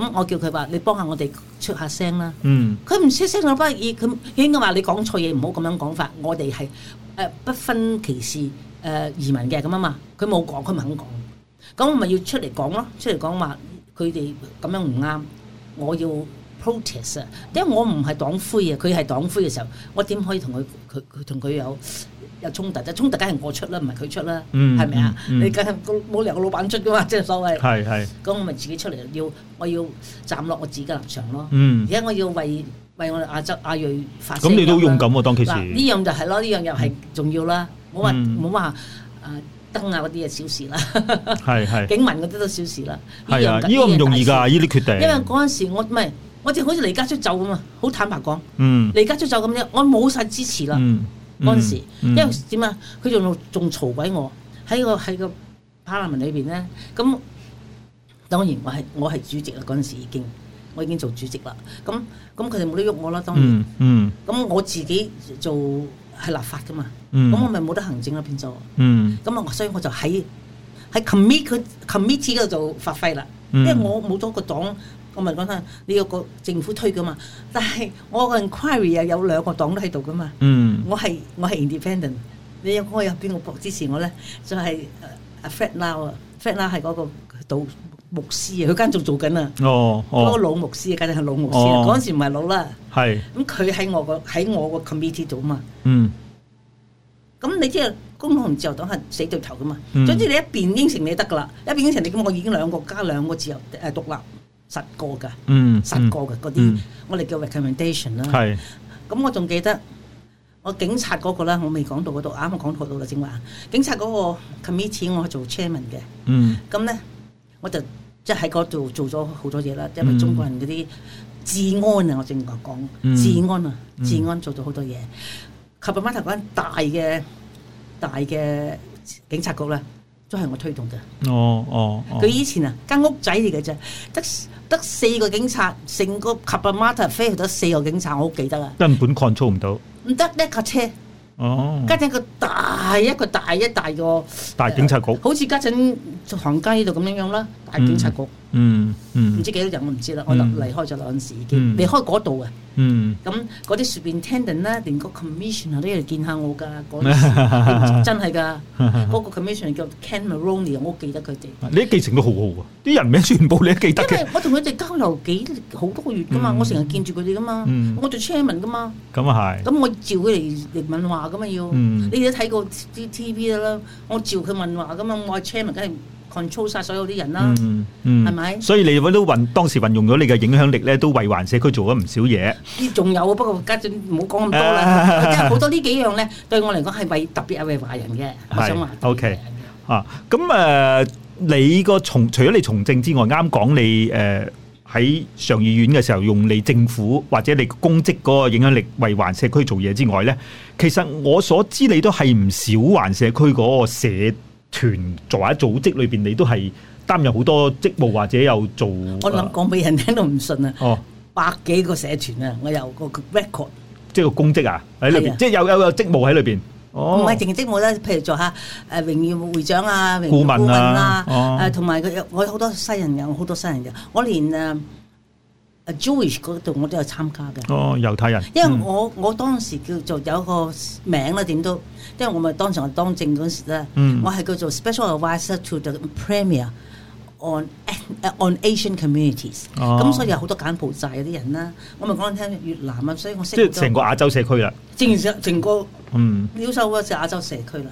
hmm. 我叫佢話：你幫下我哋出下聲啦。佢唔、mm hmm. 出聲，我唔介意佢，咁應該話你講錯嘢，唔好咁樣講法。我哋係誒不分歧視誒、呃、移民嘅咁啊嘛。佢冇講，佢唔肯講。咁我咪要出嚟講咯，出嚟講話佢哋咁樣唔啱。我要 protest，啊！因為我唔係黨魁啊，佢係黨魁嘅時候，我點可以同佢佢佢同佢有？衝突啫，衝突梗係我出啦，唔係佢出啦，係咪啊？你梗係冇理由個老闆出噶嘛，即係所謂。係係。咁我咪自己出嚟，要我要站落我自己嘅立場咯。嗯。而家我要為為我哋亞洲亞裔發聲啦。咁你都勇敢喎，當其時。嗱，呢樣就係咯，呢樣又係重要啦。冇話冇話，啊燈啊嗰啲啊小事啦。係係。警民嗰啲都小事啦。係啊，呢個唔容易㗎，呢啲決定。因為嗰陣時我咪我就好似離家出走咁啊，好坦白講。嗯。離家出走咁樣，我冇曬支持啦。嗯。嗰陣時，因為點啊？佢仲仲嘈鬼我喺個喺個 parliament 裏邊咧。咁當然我係我係主席啦。嗰陣時已經，我已經做主席啦。咁咁佢哋冇得喐我啦。當然，咁我自己做係立法噶嘛。咁我咪冇得行政啦，變咗。咁啊，所以我就喺喺 commit committee 嗰度就發揮啦。因為我冇咗個黨，我咪講啦，你有個政府推噶嘛。但係我個 inquiry 又有兩個黨都喺度噶嘛。我係我係 independent，你有我有邊個博支持我咧？就係阿 Fred Lau 啊，Fred Lau 係嗰個道牧師啊，佢間仲做緊啊。哦哦，嗰個老牧師，梗係老牧師，嗰陣時唔係老啦。係。咁佢喺我個喺我個 committee 做啊嘛。嗯。咁你知啊，工黨同自由黨係死對頭噶嘛。嗯。總之你一邊應承你得噶啦，一邊應承你咁，我已經兩個加兩個自由誒獨立十個㗎。嗯。十個㗎嗰啲，我哋叫 recommendation 啦。係。咁我仲記得。我警察嗰個啦，我未講到嗰度，啱啱講到到啦，正話警察嗰個 committee，我做 chairman 嘅，咁咧、mm. 我就即係喺嗰度做咗好多嘢啦，因為中國人嗰啲治安啊，我正話講治安啊，mm. 治安做咗好多嘢，喺百米頭嗰間大嘅大嘅警察局啦。都係我推動嘅。哦。哦哦，佢以前啊，間屋仔嚟嘅啫，得得四個警察，成個 Cabramatta 飛去咗四個警察，我好記得啊，根本 control 唔到。唔得，一架車。哦，加上個大一個大一個大一個大警察局，呃、好似家陣行街呢度咁樣樣、啊、啦。警察局，唔知幾多人，我唔知啦，我離離開咗嗰陣時已經離開嗰度啊。咁嗰啲 superintendent 啦，連個 commission 啊都嚟見下我噶，嗰陣時真係噶。嗰個 commission 叫 Cameron，我記得佢哋。你啲記性都好好喎，啲人名全部你都記得。因為我同佢哋交流幾好多個月噶嘛，我成日見住佢哋噶嘛，我做 chairman 噶嘛。咁啊係。咁我召佢嚟嚟問話噶嘛要。你都睇過啲 TV 啦，我召佢問話噶嘛，我係 chairman 梗係。控操曬所有啲人啦，係咪？所以你都運當時運用咗你嘅影響力咧，都為環社區做咗唔少嘢。啲仲有啊，不過家陣唔好講咁多啦。好多呢幾樣咧，對我嚟講係為特別係為華人嘅，我想話。OK，啊，咁誒，你個從除咗你從政之外，啱講你誒喺上議院嘅時候，用你政府或者你公職嗰個影響力為環社區做嘢之外咧，其實我所知你都係唔少環社區嗰個社。團在組織裏邊，你都係擔任好多職務，或者有做。我諗講俾人聽都唔信啊！哦，百幾個社團啊，我有個 record。即係個公職啊，喺裏邊，即係有有有職務喺裏邊。哦，唔係淨職務啦，譬如做下誒榮譽會長啊，顧問啦，誒同埋佢有我好多西人嘅，我好多西人嘅，我連誒。啊，Jewish 嗰度我都有參加嘅。哦，uh, 猶太人。Mm. 因為我我當時叫做有個名啦，點都，因為我咪當時係當政嗰時咧，mm. 我係叫做 Special Adviser to the Premier on on Asian communities、oh. 嗯。咁所以有好多柬埔寨嗰啲人啦，我咪講你聽，越南啊，所以我識。即係成個亞洲社區啦。正正成個嗯，澳洲嗰隻亞洲社區啦。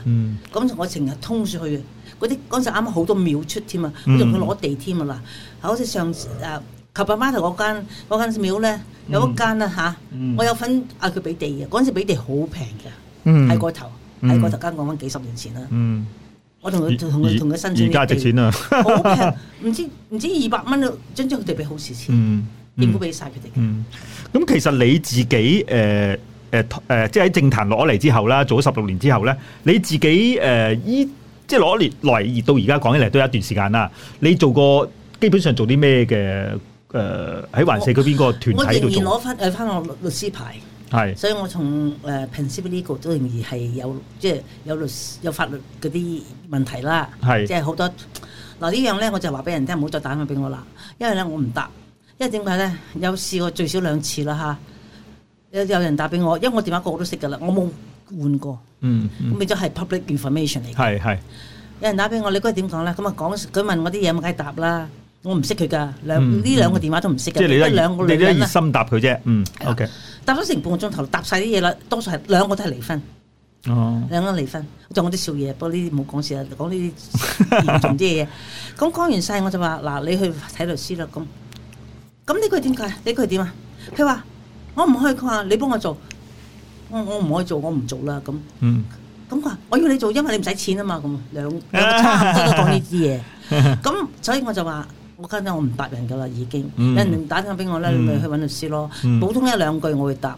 咁、mm. 我成日通住去嗰啲嗰陣啱啱好多廟出添啊，仲要攞地添啊啦，好似、mm. 上誒。Uh, 及阿媽頭嗰間嗰間廟咧，有一間啦嚇、啊，我有份嗌佢俾地嘅。嗰陣時俾地好平嘅，喺個頭喺個頭間，講緊、嗯、幾十年前啦。嗯、我同佢同佢同佢申請啲地，而家值錢啦，好平，唔 *laughs* 知唔知二百蚊咯，將張地俾好少錢，應付俾晒佢哋。嘅、嗯。咁其實你自己誒誒誒，即喺政壇攞嚟之後啦，做咗十六年之後咧，你自己誒依、呃、即係攞年而到而家講起嚟都有一段時間啦。你做過基本上做啲咩嘅？誒喺環社嗰邊嗰個團體度做，我仍然攞翻誒翻我律師牌，係是，所以我從誒 p r i l e g o 都容易係有即係有律有法律嗰啲問題啦，係，即係好多嗱呢樣咧，我就話俾人聽唔好再打電話俾我啦，因為咧我唔答，因為點解咧？有試過最少兩次啦嚇，有有人打俾我，因為我電話個個都識㗎啦，我冇換過，嗯，咁、嗯、咪就係 public information 嚟，係係，有人打俾我，你該點講咧？咁啊講，佢問我啲嘢咪梗係答啦。我唔識佢噶，兩呢、嗯嗯、兩個電話都唔識嘅，呢兩個女人。你一熱心答佢啫，嗯，OK，答咗成半個鐘頭，答晒啲嘢啦，多數係兩個都係離婚，哦，兩個離婚。就我啲少爺，不過呢啲冇講事啊，講呢啲嚴重啲嘢。咁講 *laughs* 完晒，我就話嗱，你去睇律師啦。咁咁呢句點解？呢個點啊？佢話我唔去。」佢話你幫我做，我唔可以做，我唔做啦。咁，嗯，咁佢話我要你做，因為你唔使錢啊嘛。咁兩兩,兩個差唔多都講呢啲嘢，咁 *laughs* *laughs* 所以我就話。我家陣我唔答人噶啦，已經有人打電話俾我咧，你咪去揾律師咯。普通一兩句，我會答。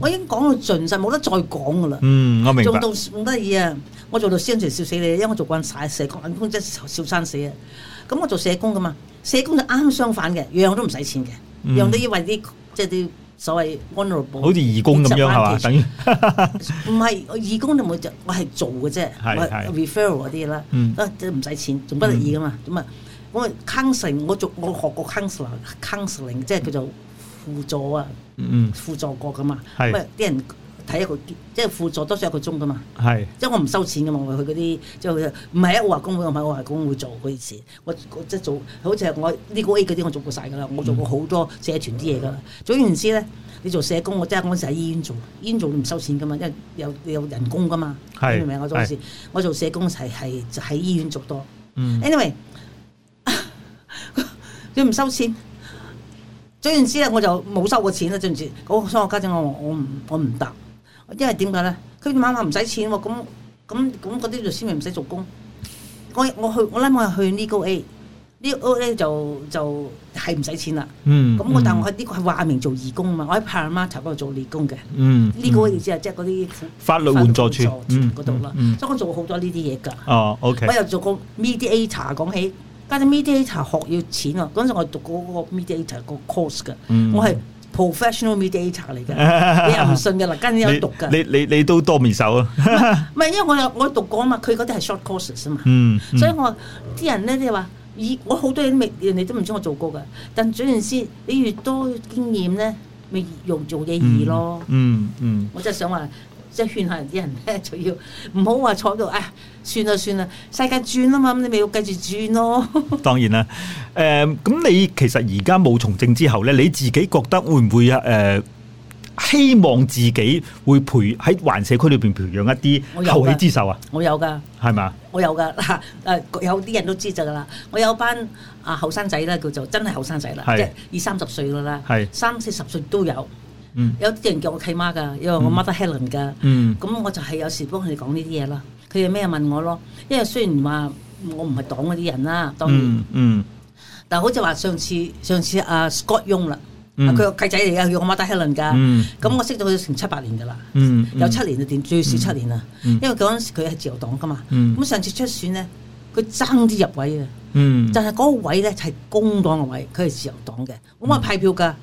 我已經講到盡晒，冇得再講噶啦。我明白做到唔得意啊！我做到師通常笑死你，因為我做慣晒社工即係笑生死啊！咁我做社工噶嘛，社工就啱相反嘅，樣樣都唔使錢嘅，樣都要為啲即係啲所謂 honorable 好似義工咁樣嚇嘛？等於唔係義工都冇我係做嘅啫。Referral 嗰啲啦，即都唔使錢，仲不得意噶嘛？咁啊！我康成，我做我學過康成，康成即係叫做輔助啊，嗯、輔助過噶嘛。咁啊啲人睇一個，即係輔助多少一個鐘噶嘛。是即係我唔收錢噶嘛。我去嗰啲即係唔係喺澳華公會，唔係澳華公會做嗰啲事。我即係做好似係我呢個 A 嗰啲，我做過晒噶啦。我做過好多社團啲嘢噶啦。總言之咧，你做社工，我即係嗰陣時喺醫院做，醫院做唔收錢噶嘛，因為有有人工噶嘛。是是你明唔明我做嘅事？我做社工係係就喺醫院做多。Anyway、嗯。Any way, 你唔收錢，總之咧我就冇收過錢啦。總之，所以我家姐我我唔我唔答，因為點解咧？佢啲媽媽唔使錢喎，咁咁咁嗰啲就先咪唔使做工。我去 Legal Aid, Legal Aid 我，我去我拉我係去呢個 A 呢個 A 咧就就係唔使錢啦。咁我但係我喺呢個係話明做義工啊嘛，我喺 Parramatta 嗰度做義工嘅、嗯。嗯，呢個我哋知啊，即係嗰啲法律援助處嗰度啦。嗯嗯嗯嗯、所以我做好多呢啲嘢噶。哦，OK。我又做過 mediator 講起。家啲 mediator 學要錢啊。嗰陣我讀嗰個 mediator 個 course 嘅，嗯、我係 professional mediator 嚟嘅， *laughs* 你又唔信嘅啦，家陣有讀嘅。你你你都多面手啊？唔 *laughs* 係，因為我有我讀過啊嘛，佢嗰啲係 short courses 啊嘛，嗯嗯、所以我啲人咧即係話，以我好多嘢都未，你都唔知我做過嘅。但總言之，你越多經驗咧，咪用做嘢易咯。嗯嗯，嗯嗯我真係想話。即係勸下人啲人咧，就要唔好話坐喺度啊！算啦算啦，世界轉啊嘛，咁你咪要繼續轉咯。當然啦，誒、呃，咁你其實而家冇從政之後咧，你自己覺得會唔會啊？誒、呃，希望自己會培喺環社區裏邊培養一啲後起之秀啊？我有噶，係嘛吧、啊？我有噶，誒、啊，有啲人都知就噶啦。我有班啊後生仔咧，叫做真係後生仔啦，即係是二三十歲噶啦，係是三四十歲都有。有啲人叫我契媽噶，因為我 Mother Helen 噶，咁我就係有時幫佢哋講呢啲嘢啦。佢哋咩問我咯？因為雖然話我唔係黨嗰啲人啦，當然，但好似話上次上次阿 Scott Young 啦，佢個契仔嚟啊，叫我 Mother Helen 噶，咁我識咗佢成七八年噶啦，有七年，就點最少七年啦，因為嗰陣時佢係自由黨噶嘛，咁上次出選咧，佢爭啲入位啊！嗯，就係嗰個位咧，係工黨嘅位，佢係自由黨嘅，咁啊派票噶，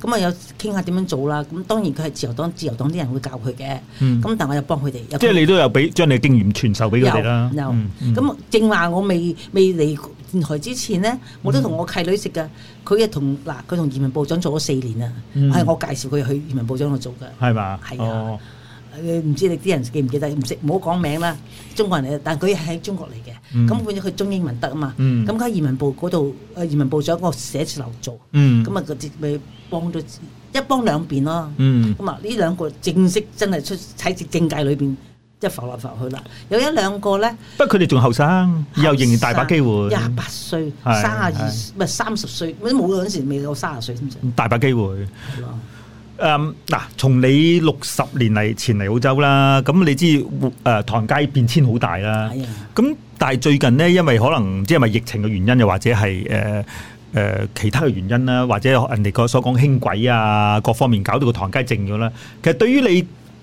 咁啊有傾下點樣做啦，咁當然佢係自由黨，自由黨啲人會教佢嘅，咁但我又幫佢哋，即係你都有俾將你經驗傳授俾佢哋啦。有，咁正話我未未嚟電台之前咧，我都同我契女食噶，佢又同嗱，佢同移民部長做咗四年啊，係我介紹佢去移民部長度做噶，係嘛，係啊。你唔知你啲人記唔記得？唔識唔好講名啦，中國人嚟，但係佢係喺中國嚟嘅。咁、嗯、變咗佢中英文得啊嘛。咁佢、嗯嗯嗯、移民部嗰度，移民部、部長個寫字樓做。咁啊、嗯，佢直接咪幫咗一幫兩邊咯。咁啊、嗯，呢兩個正式真係出喺政界裏邊，即係浮來浮去啦。有一兩個咧，不過佢哋仲後生，又仍然大把機會。廿八歲，卅二唔係三十歲，冇嗰陣時未到卅歲先。大把機會。誒，嗱、um，啊，從你六十年嚟前嚟澳洲啦，咁、嗯、你知誒、呃、唐街變遷好大啦。咁、哎、呀但係最近呢，因為可能唔知係咪疫情嘅原因，又或者係誒誒其他嘅原因啦，或者人哋個所講輕軌啊，各方面搞到個唐街靜咗啦。其實對於你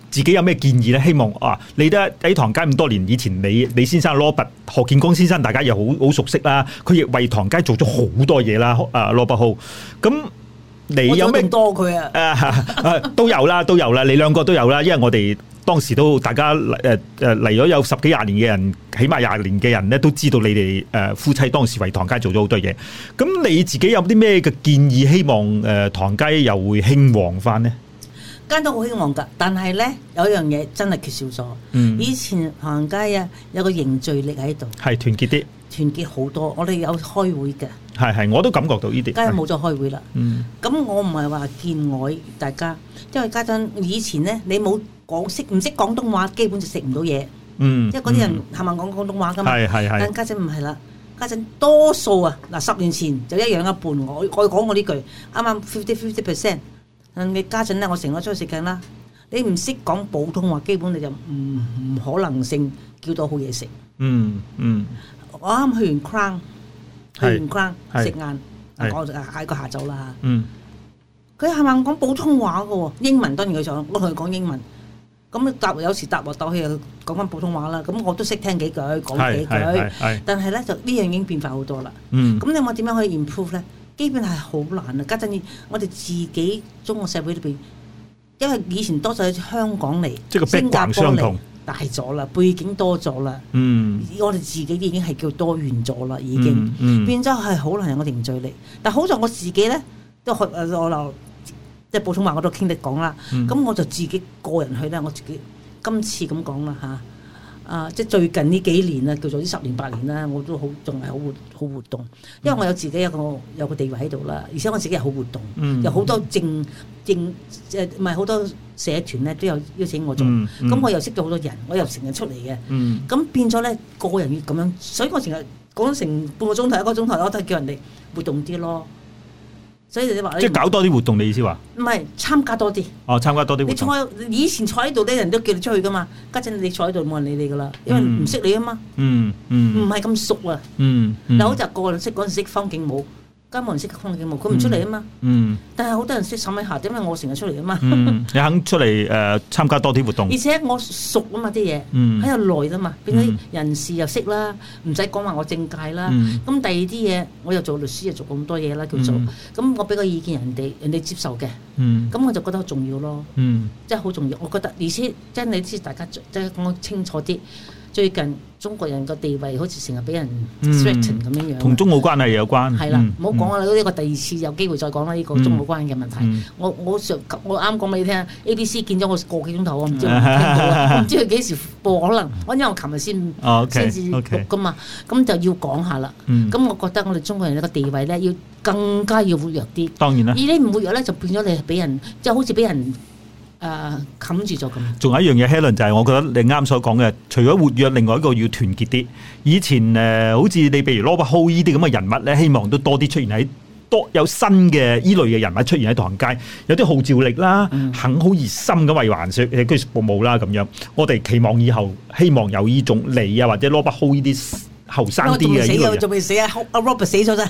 自己有咩建議呢？希望啊，你都喺唐街咁多年，以前你李先生羅伯何建光先生，Robert，先生大家又好好熟悉啦。佢亦為唐街做咗好多嘢啦。誒、呃，羅伯浩，咁、嗯。你有咩？多佢誒、啊 *laughs* 啊啊，都有啦，都有啦，你兩個都有啦，因為我哋當時都大家誒誒嚟咗有十幾廿年嘅人，起碼廿年嘅人咧，都知道你哋誒、呃、夫妻當時為唐街做咗好多嘢。咁你自己有啲咩嘅建議？希望誒、呃、唐街又會興旺翻呢？間都好興旺噶，但係咧有一樣嘢真係缺少咗。嗯、以前唐街啊有個凝聚力喺度，係團結啲。團結好多，我哋有開會嘅，係係，我都感覺到呢啲，而家又冇再開會啦。嗯，咁我唔係話見外大家，因為家陣以前咧，你冇講識唔識廣東話，基本就食唔到嘢。嗯，因為嗰啲人係咪講廣東話噶？嘛？係係。但家陣唔係啦，家陣多數啊嗱，十年前就一樣一半。我我講我呢句啱啱 fifty fifty percent。你家陣咧，我成日出去食嘅啦。你唔識講普通話，基本你就唔唔可能性叫到好嘢食。嗯。嗯嗯。我啱去完 Crown，去完 Crown 食晏，我啊喺個下晝啦。嗯，佢係咪講普通話噶？英文當然佢想，我同佢講英文。咁答有時答我，道歉講翻普通話啦。咁我都識聽幾句，講幾句。但係咧就呢樣已經變化好多啦。嗯，咁咧我點樣可以 improve 咧？基本係好難啊！家陣我哋自己中國社會裏邊，因為以前多數喺香港嚟，即係個壁壇相同。大咗啦，背景多咗啦，mm. 我哋自己已經係叫多元咗啦，已經 mm. Mm. 變咗係好難有個凝聚力。但好在我自己咧都學我留即係普通話，我，話我都傾得講啦。咁、mm. 我就自己個人去咧，我自己今次咁講啦嚇。啊啊！即最近呢幾年啦，叫做呢十年八年啦，我都好仲係好活好活動，因為我有自己一個有個地位喺度啦，而且我自己係好活動，嗯、有好多政政誒唔係好多社團咧都有邀請我做，咁、嗯嗯、我又識咗好多人，我又成日出嚟嘅，咁、嗯、變咗咧個人要咁樣，所以我成日講成半個鐘頭一個鐘頭我都係叫人哋活動啲咯。所以你話即係搞多啲活動，你意思話？唔係參加多啲哦，參加多啲。你坐以前坐喺度啲人都叫你出去噶嘛。家陣你坐喺度，冇人理你噶啦，因為唔識你啊嘛。嗯嗯，唔係咁熟啊。嗯，嗱，嗯，我就個人識嗰陣識方景武。家冇人識看嘅節目，佢唔出嚟啊嘛。嗯。但係好多人識沈慧霞，點解我成日出嚟啊嘛？嗯、 *laughs* 你肯出嚟誒、呃、參加多啲活動？而且我熟啊嘛啲嘢，喺度耐啦嘛，變咗人事又識啦，唔使講話我政界啦。咁、嗯、第二啲嘢，我又做律師又做咁多嘢啦，叫做咁、嗯、我俾個意見人哋，人哋接受嘅。咁、嗯、我就覺得好重要咯。嗯。即係好重要，我覺得，而且即係你知大家即係講清楚啲。最近中國人個地位好似成日俾人 threaten 咁樣樣，同中澳關係有關。係啦，唔好講啦，呢個第二次有機會再講啦。呢個中澳關係嘅問題，我我我我啱講俾你聽，A B C 見咗我個幾鐘頭，我唔知佢聽到，我唔知佢幾時播，可能我因為我琴日先先至錄噶嘛，咁就要講下啦。咁我覺得我哋中國人個地位咧，要更加要活躍啲。當然啦，而你唔活躍咧，就變咗你係俾人，即係好似俾人。誒冚住咗咁，仲有一樣嘢，Helen 就係我覺得你啱所講嘅，除咗活躍，另外一個要團結啲。以前誒、呃，好似你譬如 Robert Ho 依啲咁嘅人物咧，希望都多啲出現喺多有新嘅依類嘅人物出現喺唐街，有啲號召力啦，嗯、肯好熱心咁為環説嘅居民服務啦，咁樣我哋期望以後希望有依種你啊，或者 Robert Ho 依啲。後生啲嘅呢個人，仲未死啊！Rob 死咗啦，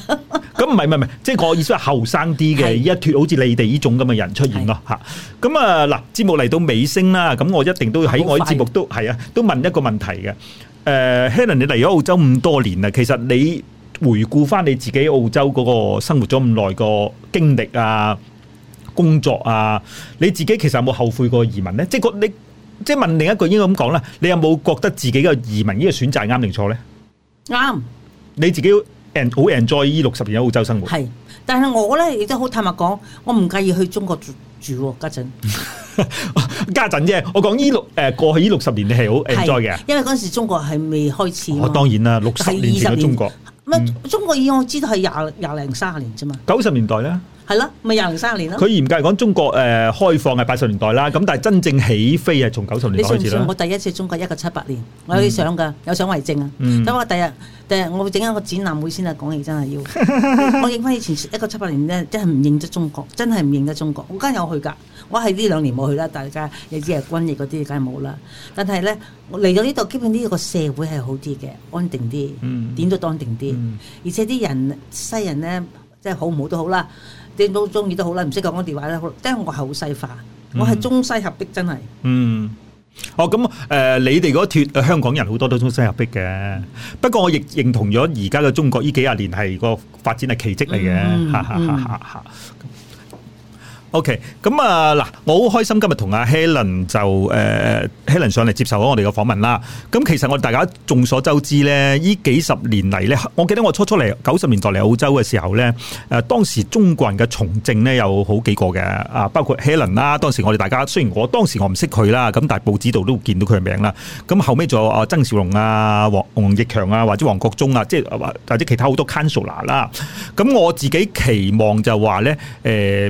咁唔係唔係唔係，即係我意思係後生啲嘅，一脫好似你哋呢種咁嘅人出現咯吓。咁啊嗱，節目嚟到尾聲啦，咁我一定都喺我啲節目都係啊，都問一個問題嘅。誒，Helen，你嚟咗澳洲咁多年啦，其實你回顧翻你自己澳洲嗰個生活咗咁耐個經歷啊，工作啊，你自己其實有冇後悔過移民咧？即係覺你即係問另一句應該咁講啦，你有冇覺得自己嘅移民呢個選擇係啱定錯咧？啱，對你自己好 enjoy 呢六十年喺澳洲生活。係，但係我咧亦都好坦白講，我唔介意去中國住住。家陣，家陣啫，我講呢六誒過去呢六十年你係好 enjoy 嘅。因為嗰陣時中國係未開始。我、哦、當然啦，六十年前嘅中國，咩、嗯、中國以我知道係廿廿零三十年啫嘛。九十年代咧。係咯，咪廿零三年咯。佢嚴格嚟講，中國誒、呃、開放係八十年代啦。咁但係真正起飛係從九十年代開始，我第一次中國一九七八年，我有啲相噶，嗯、有相為證啊。咁、嗯、我第日第日，日我會整一個展覽會先啊。講起真係要， *laughs* 我認翻以前一九七八年咧，真係唔認得中國，真係唔認得中國。我梗有去噶，我係呢兩年冇去啦。大家亦知啊，瘟疫嗰啲梗係冇啦。但係咧，嚟到呢度，基本呢個社會係好啲嘅，安定啲，點都安定啲。嗯、而且啲人西人咧，即係好唔好都好啦。啲都中意都好啦，唔識講我電話啦，即係我係好西化，我係中西合璧，真係、嗯。嗯，哦，咁、嗯、誒，你哋嗰脫香港人好多都中西合璧嘅，不過我亦認同咗而家嘅中國呢幾廿年係個發展係奇蹟嚟嘅。嗯嗯嗯 O.K. 咁啊嗱，我好開心今日同阿 Helen 就誒、呃、Helen 上嚟接受咗我哋嘅訪問啦。咁其實我哋大家眾所周知咧，依幾十年嚟咧，我記得我初初嚟九十年代嚟澳洲嘅時候咧，誒當時中國人嘅從政咧有好幾個嘅啊，包括 Helen 啦。當時我哋大家雖然我當時我唔識佢啦，咁但係報紙度都會見到佢嘅名啦。咁後屘仲有阿曾少龍啊，黃王毅強啊，或者王國忠啊，即係或或者其他好多 Councillor 啦、啊。咁我自己期望就話咧，誒、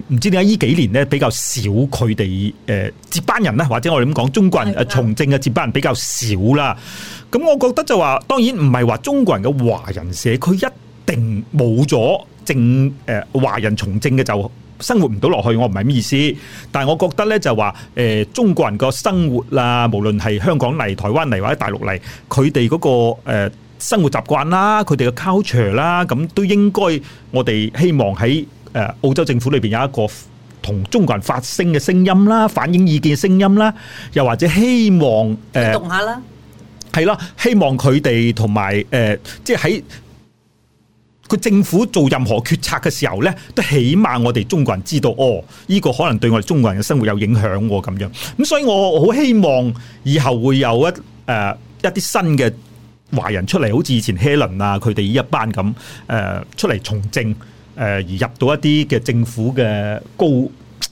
呃、唔知點解依幾幾年咧，比較少，佢哋誒接班人咧，或者我哋咁講，中國人誒從政嘅接班人比較少啦。咁我覺得就話，當然唔係話中國人嘅華人社區一定冇咗、呃、政誒華人從政嘅就生活唔到落去，我唔係咩意思。但係我覺得咧就話，誒、呃、中國人嘅生活啦，無論係香港嚟、台灣嚟或者大陸嚟，佢哋嗰個誒、呃、生活習慣啦，佢哋嘅 culture 啦，咁都應該我哋希望喺誒、呃、澳洲政府裏邊有一個同中國人發聲嘅聲音啦，反映意見嘅聲音啦，又或者希望誒，動、呃、下啦，係啦，希望佢哋同埋誒，即係喺佢政府做任何決策嘅時候咧，都起碼我哋中國人知道，哦，呢、這個可能對我哋中國人嘅生活有影響咁、哦、樣。咁所以我好希望以後會有一誒、呃、一啲新嘅華人出嚟，好似以前 Helen 啊佢哋呢一班咁誒出嚟從政。誒而入到一啲嘅政府嘅高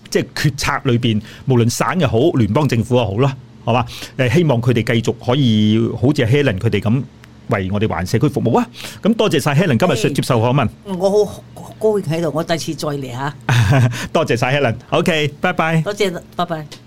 即係決策裏邊，無論省又好，聯邦政府又好啦，係嘛？誒希望佢哋繼續可以好似 Helen 佢哋咁為我哋環社區服務啊！咁多謝晒 Helen 今日嘿接受訪問，我好高興喺度，我第二次再嚟吓， *laughs* 多謝晒 Helen，OK，拜拜，okay, bye bye 多謝，拜拜。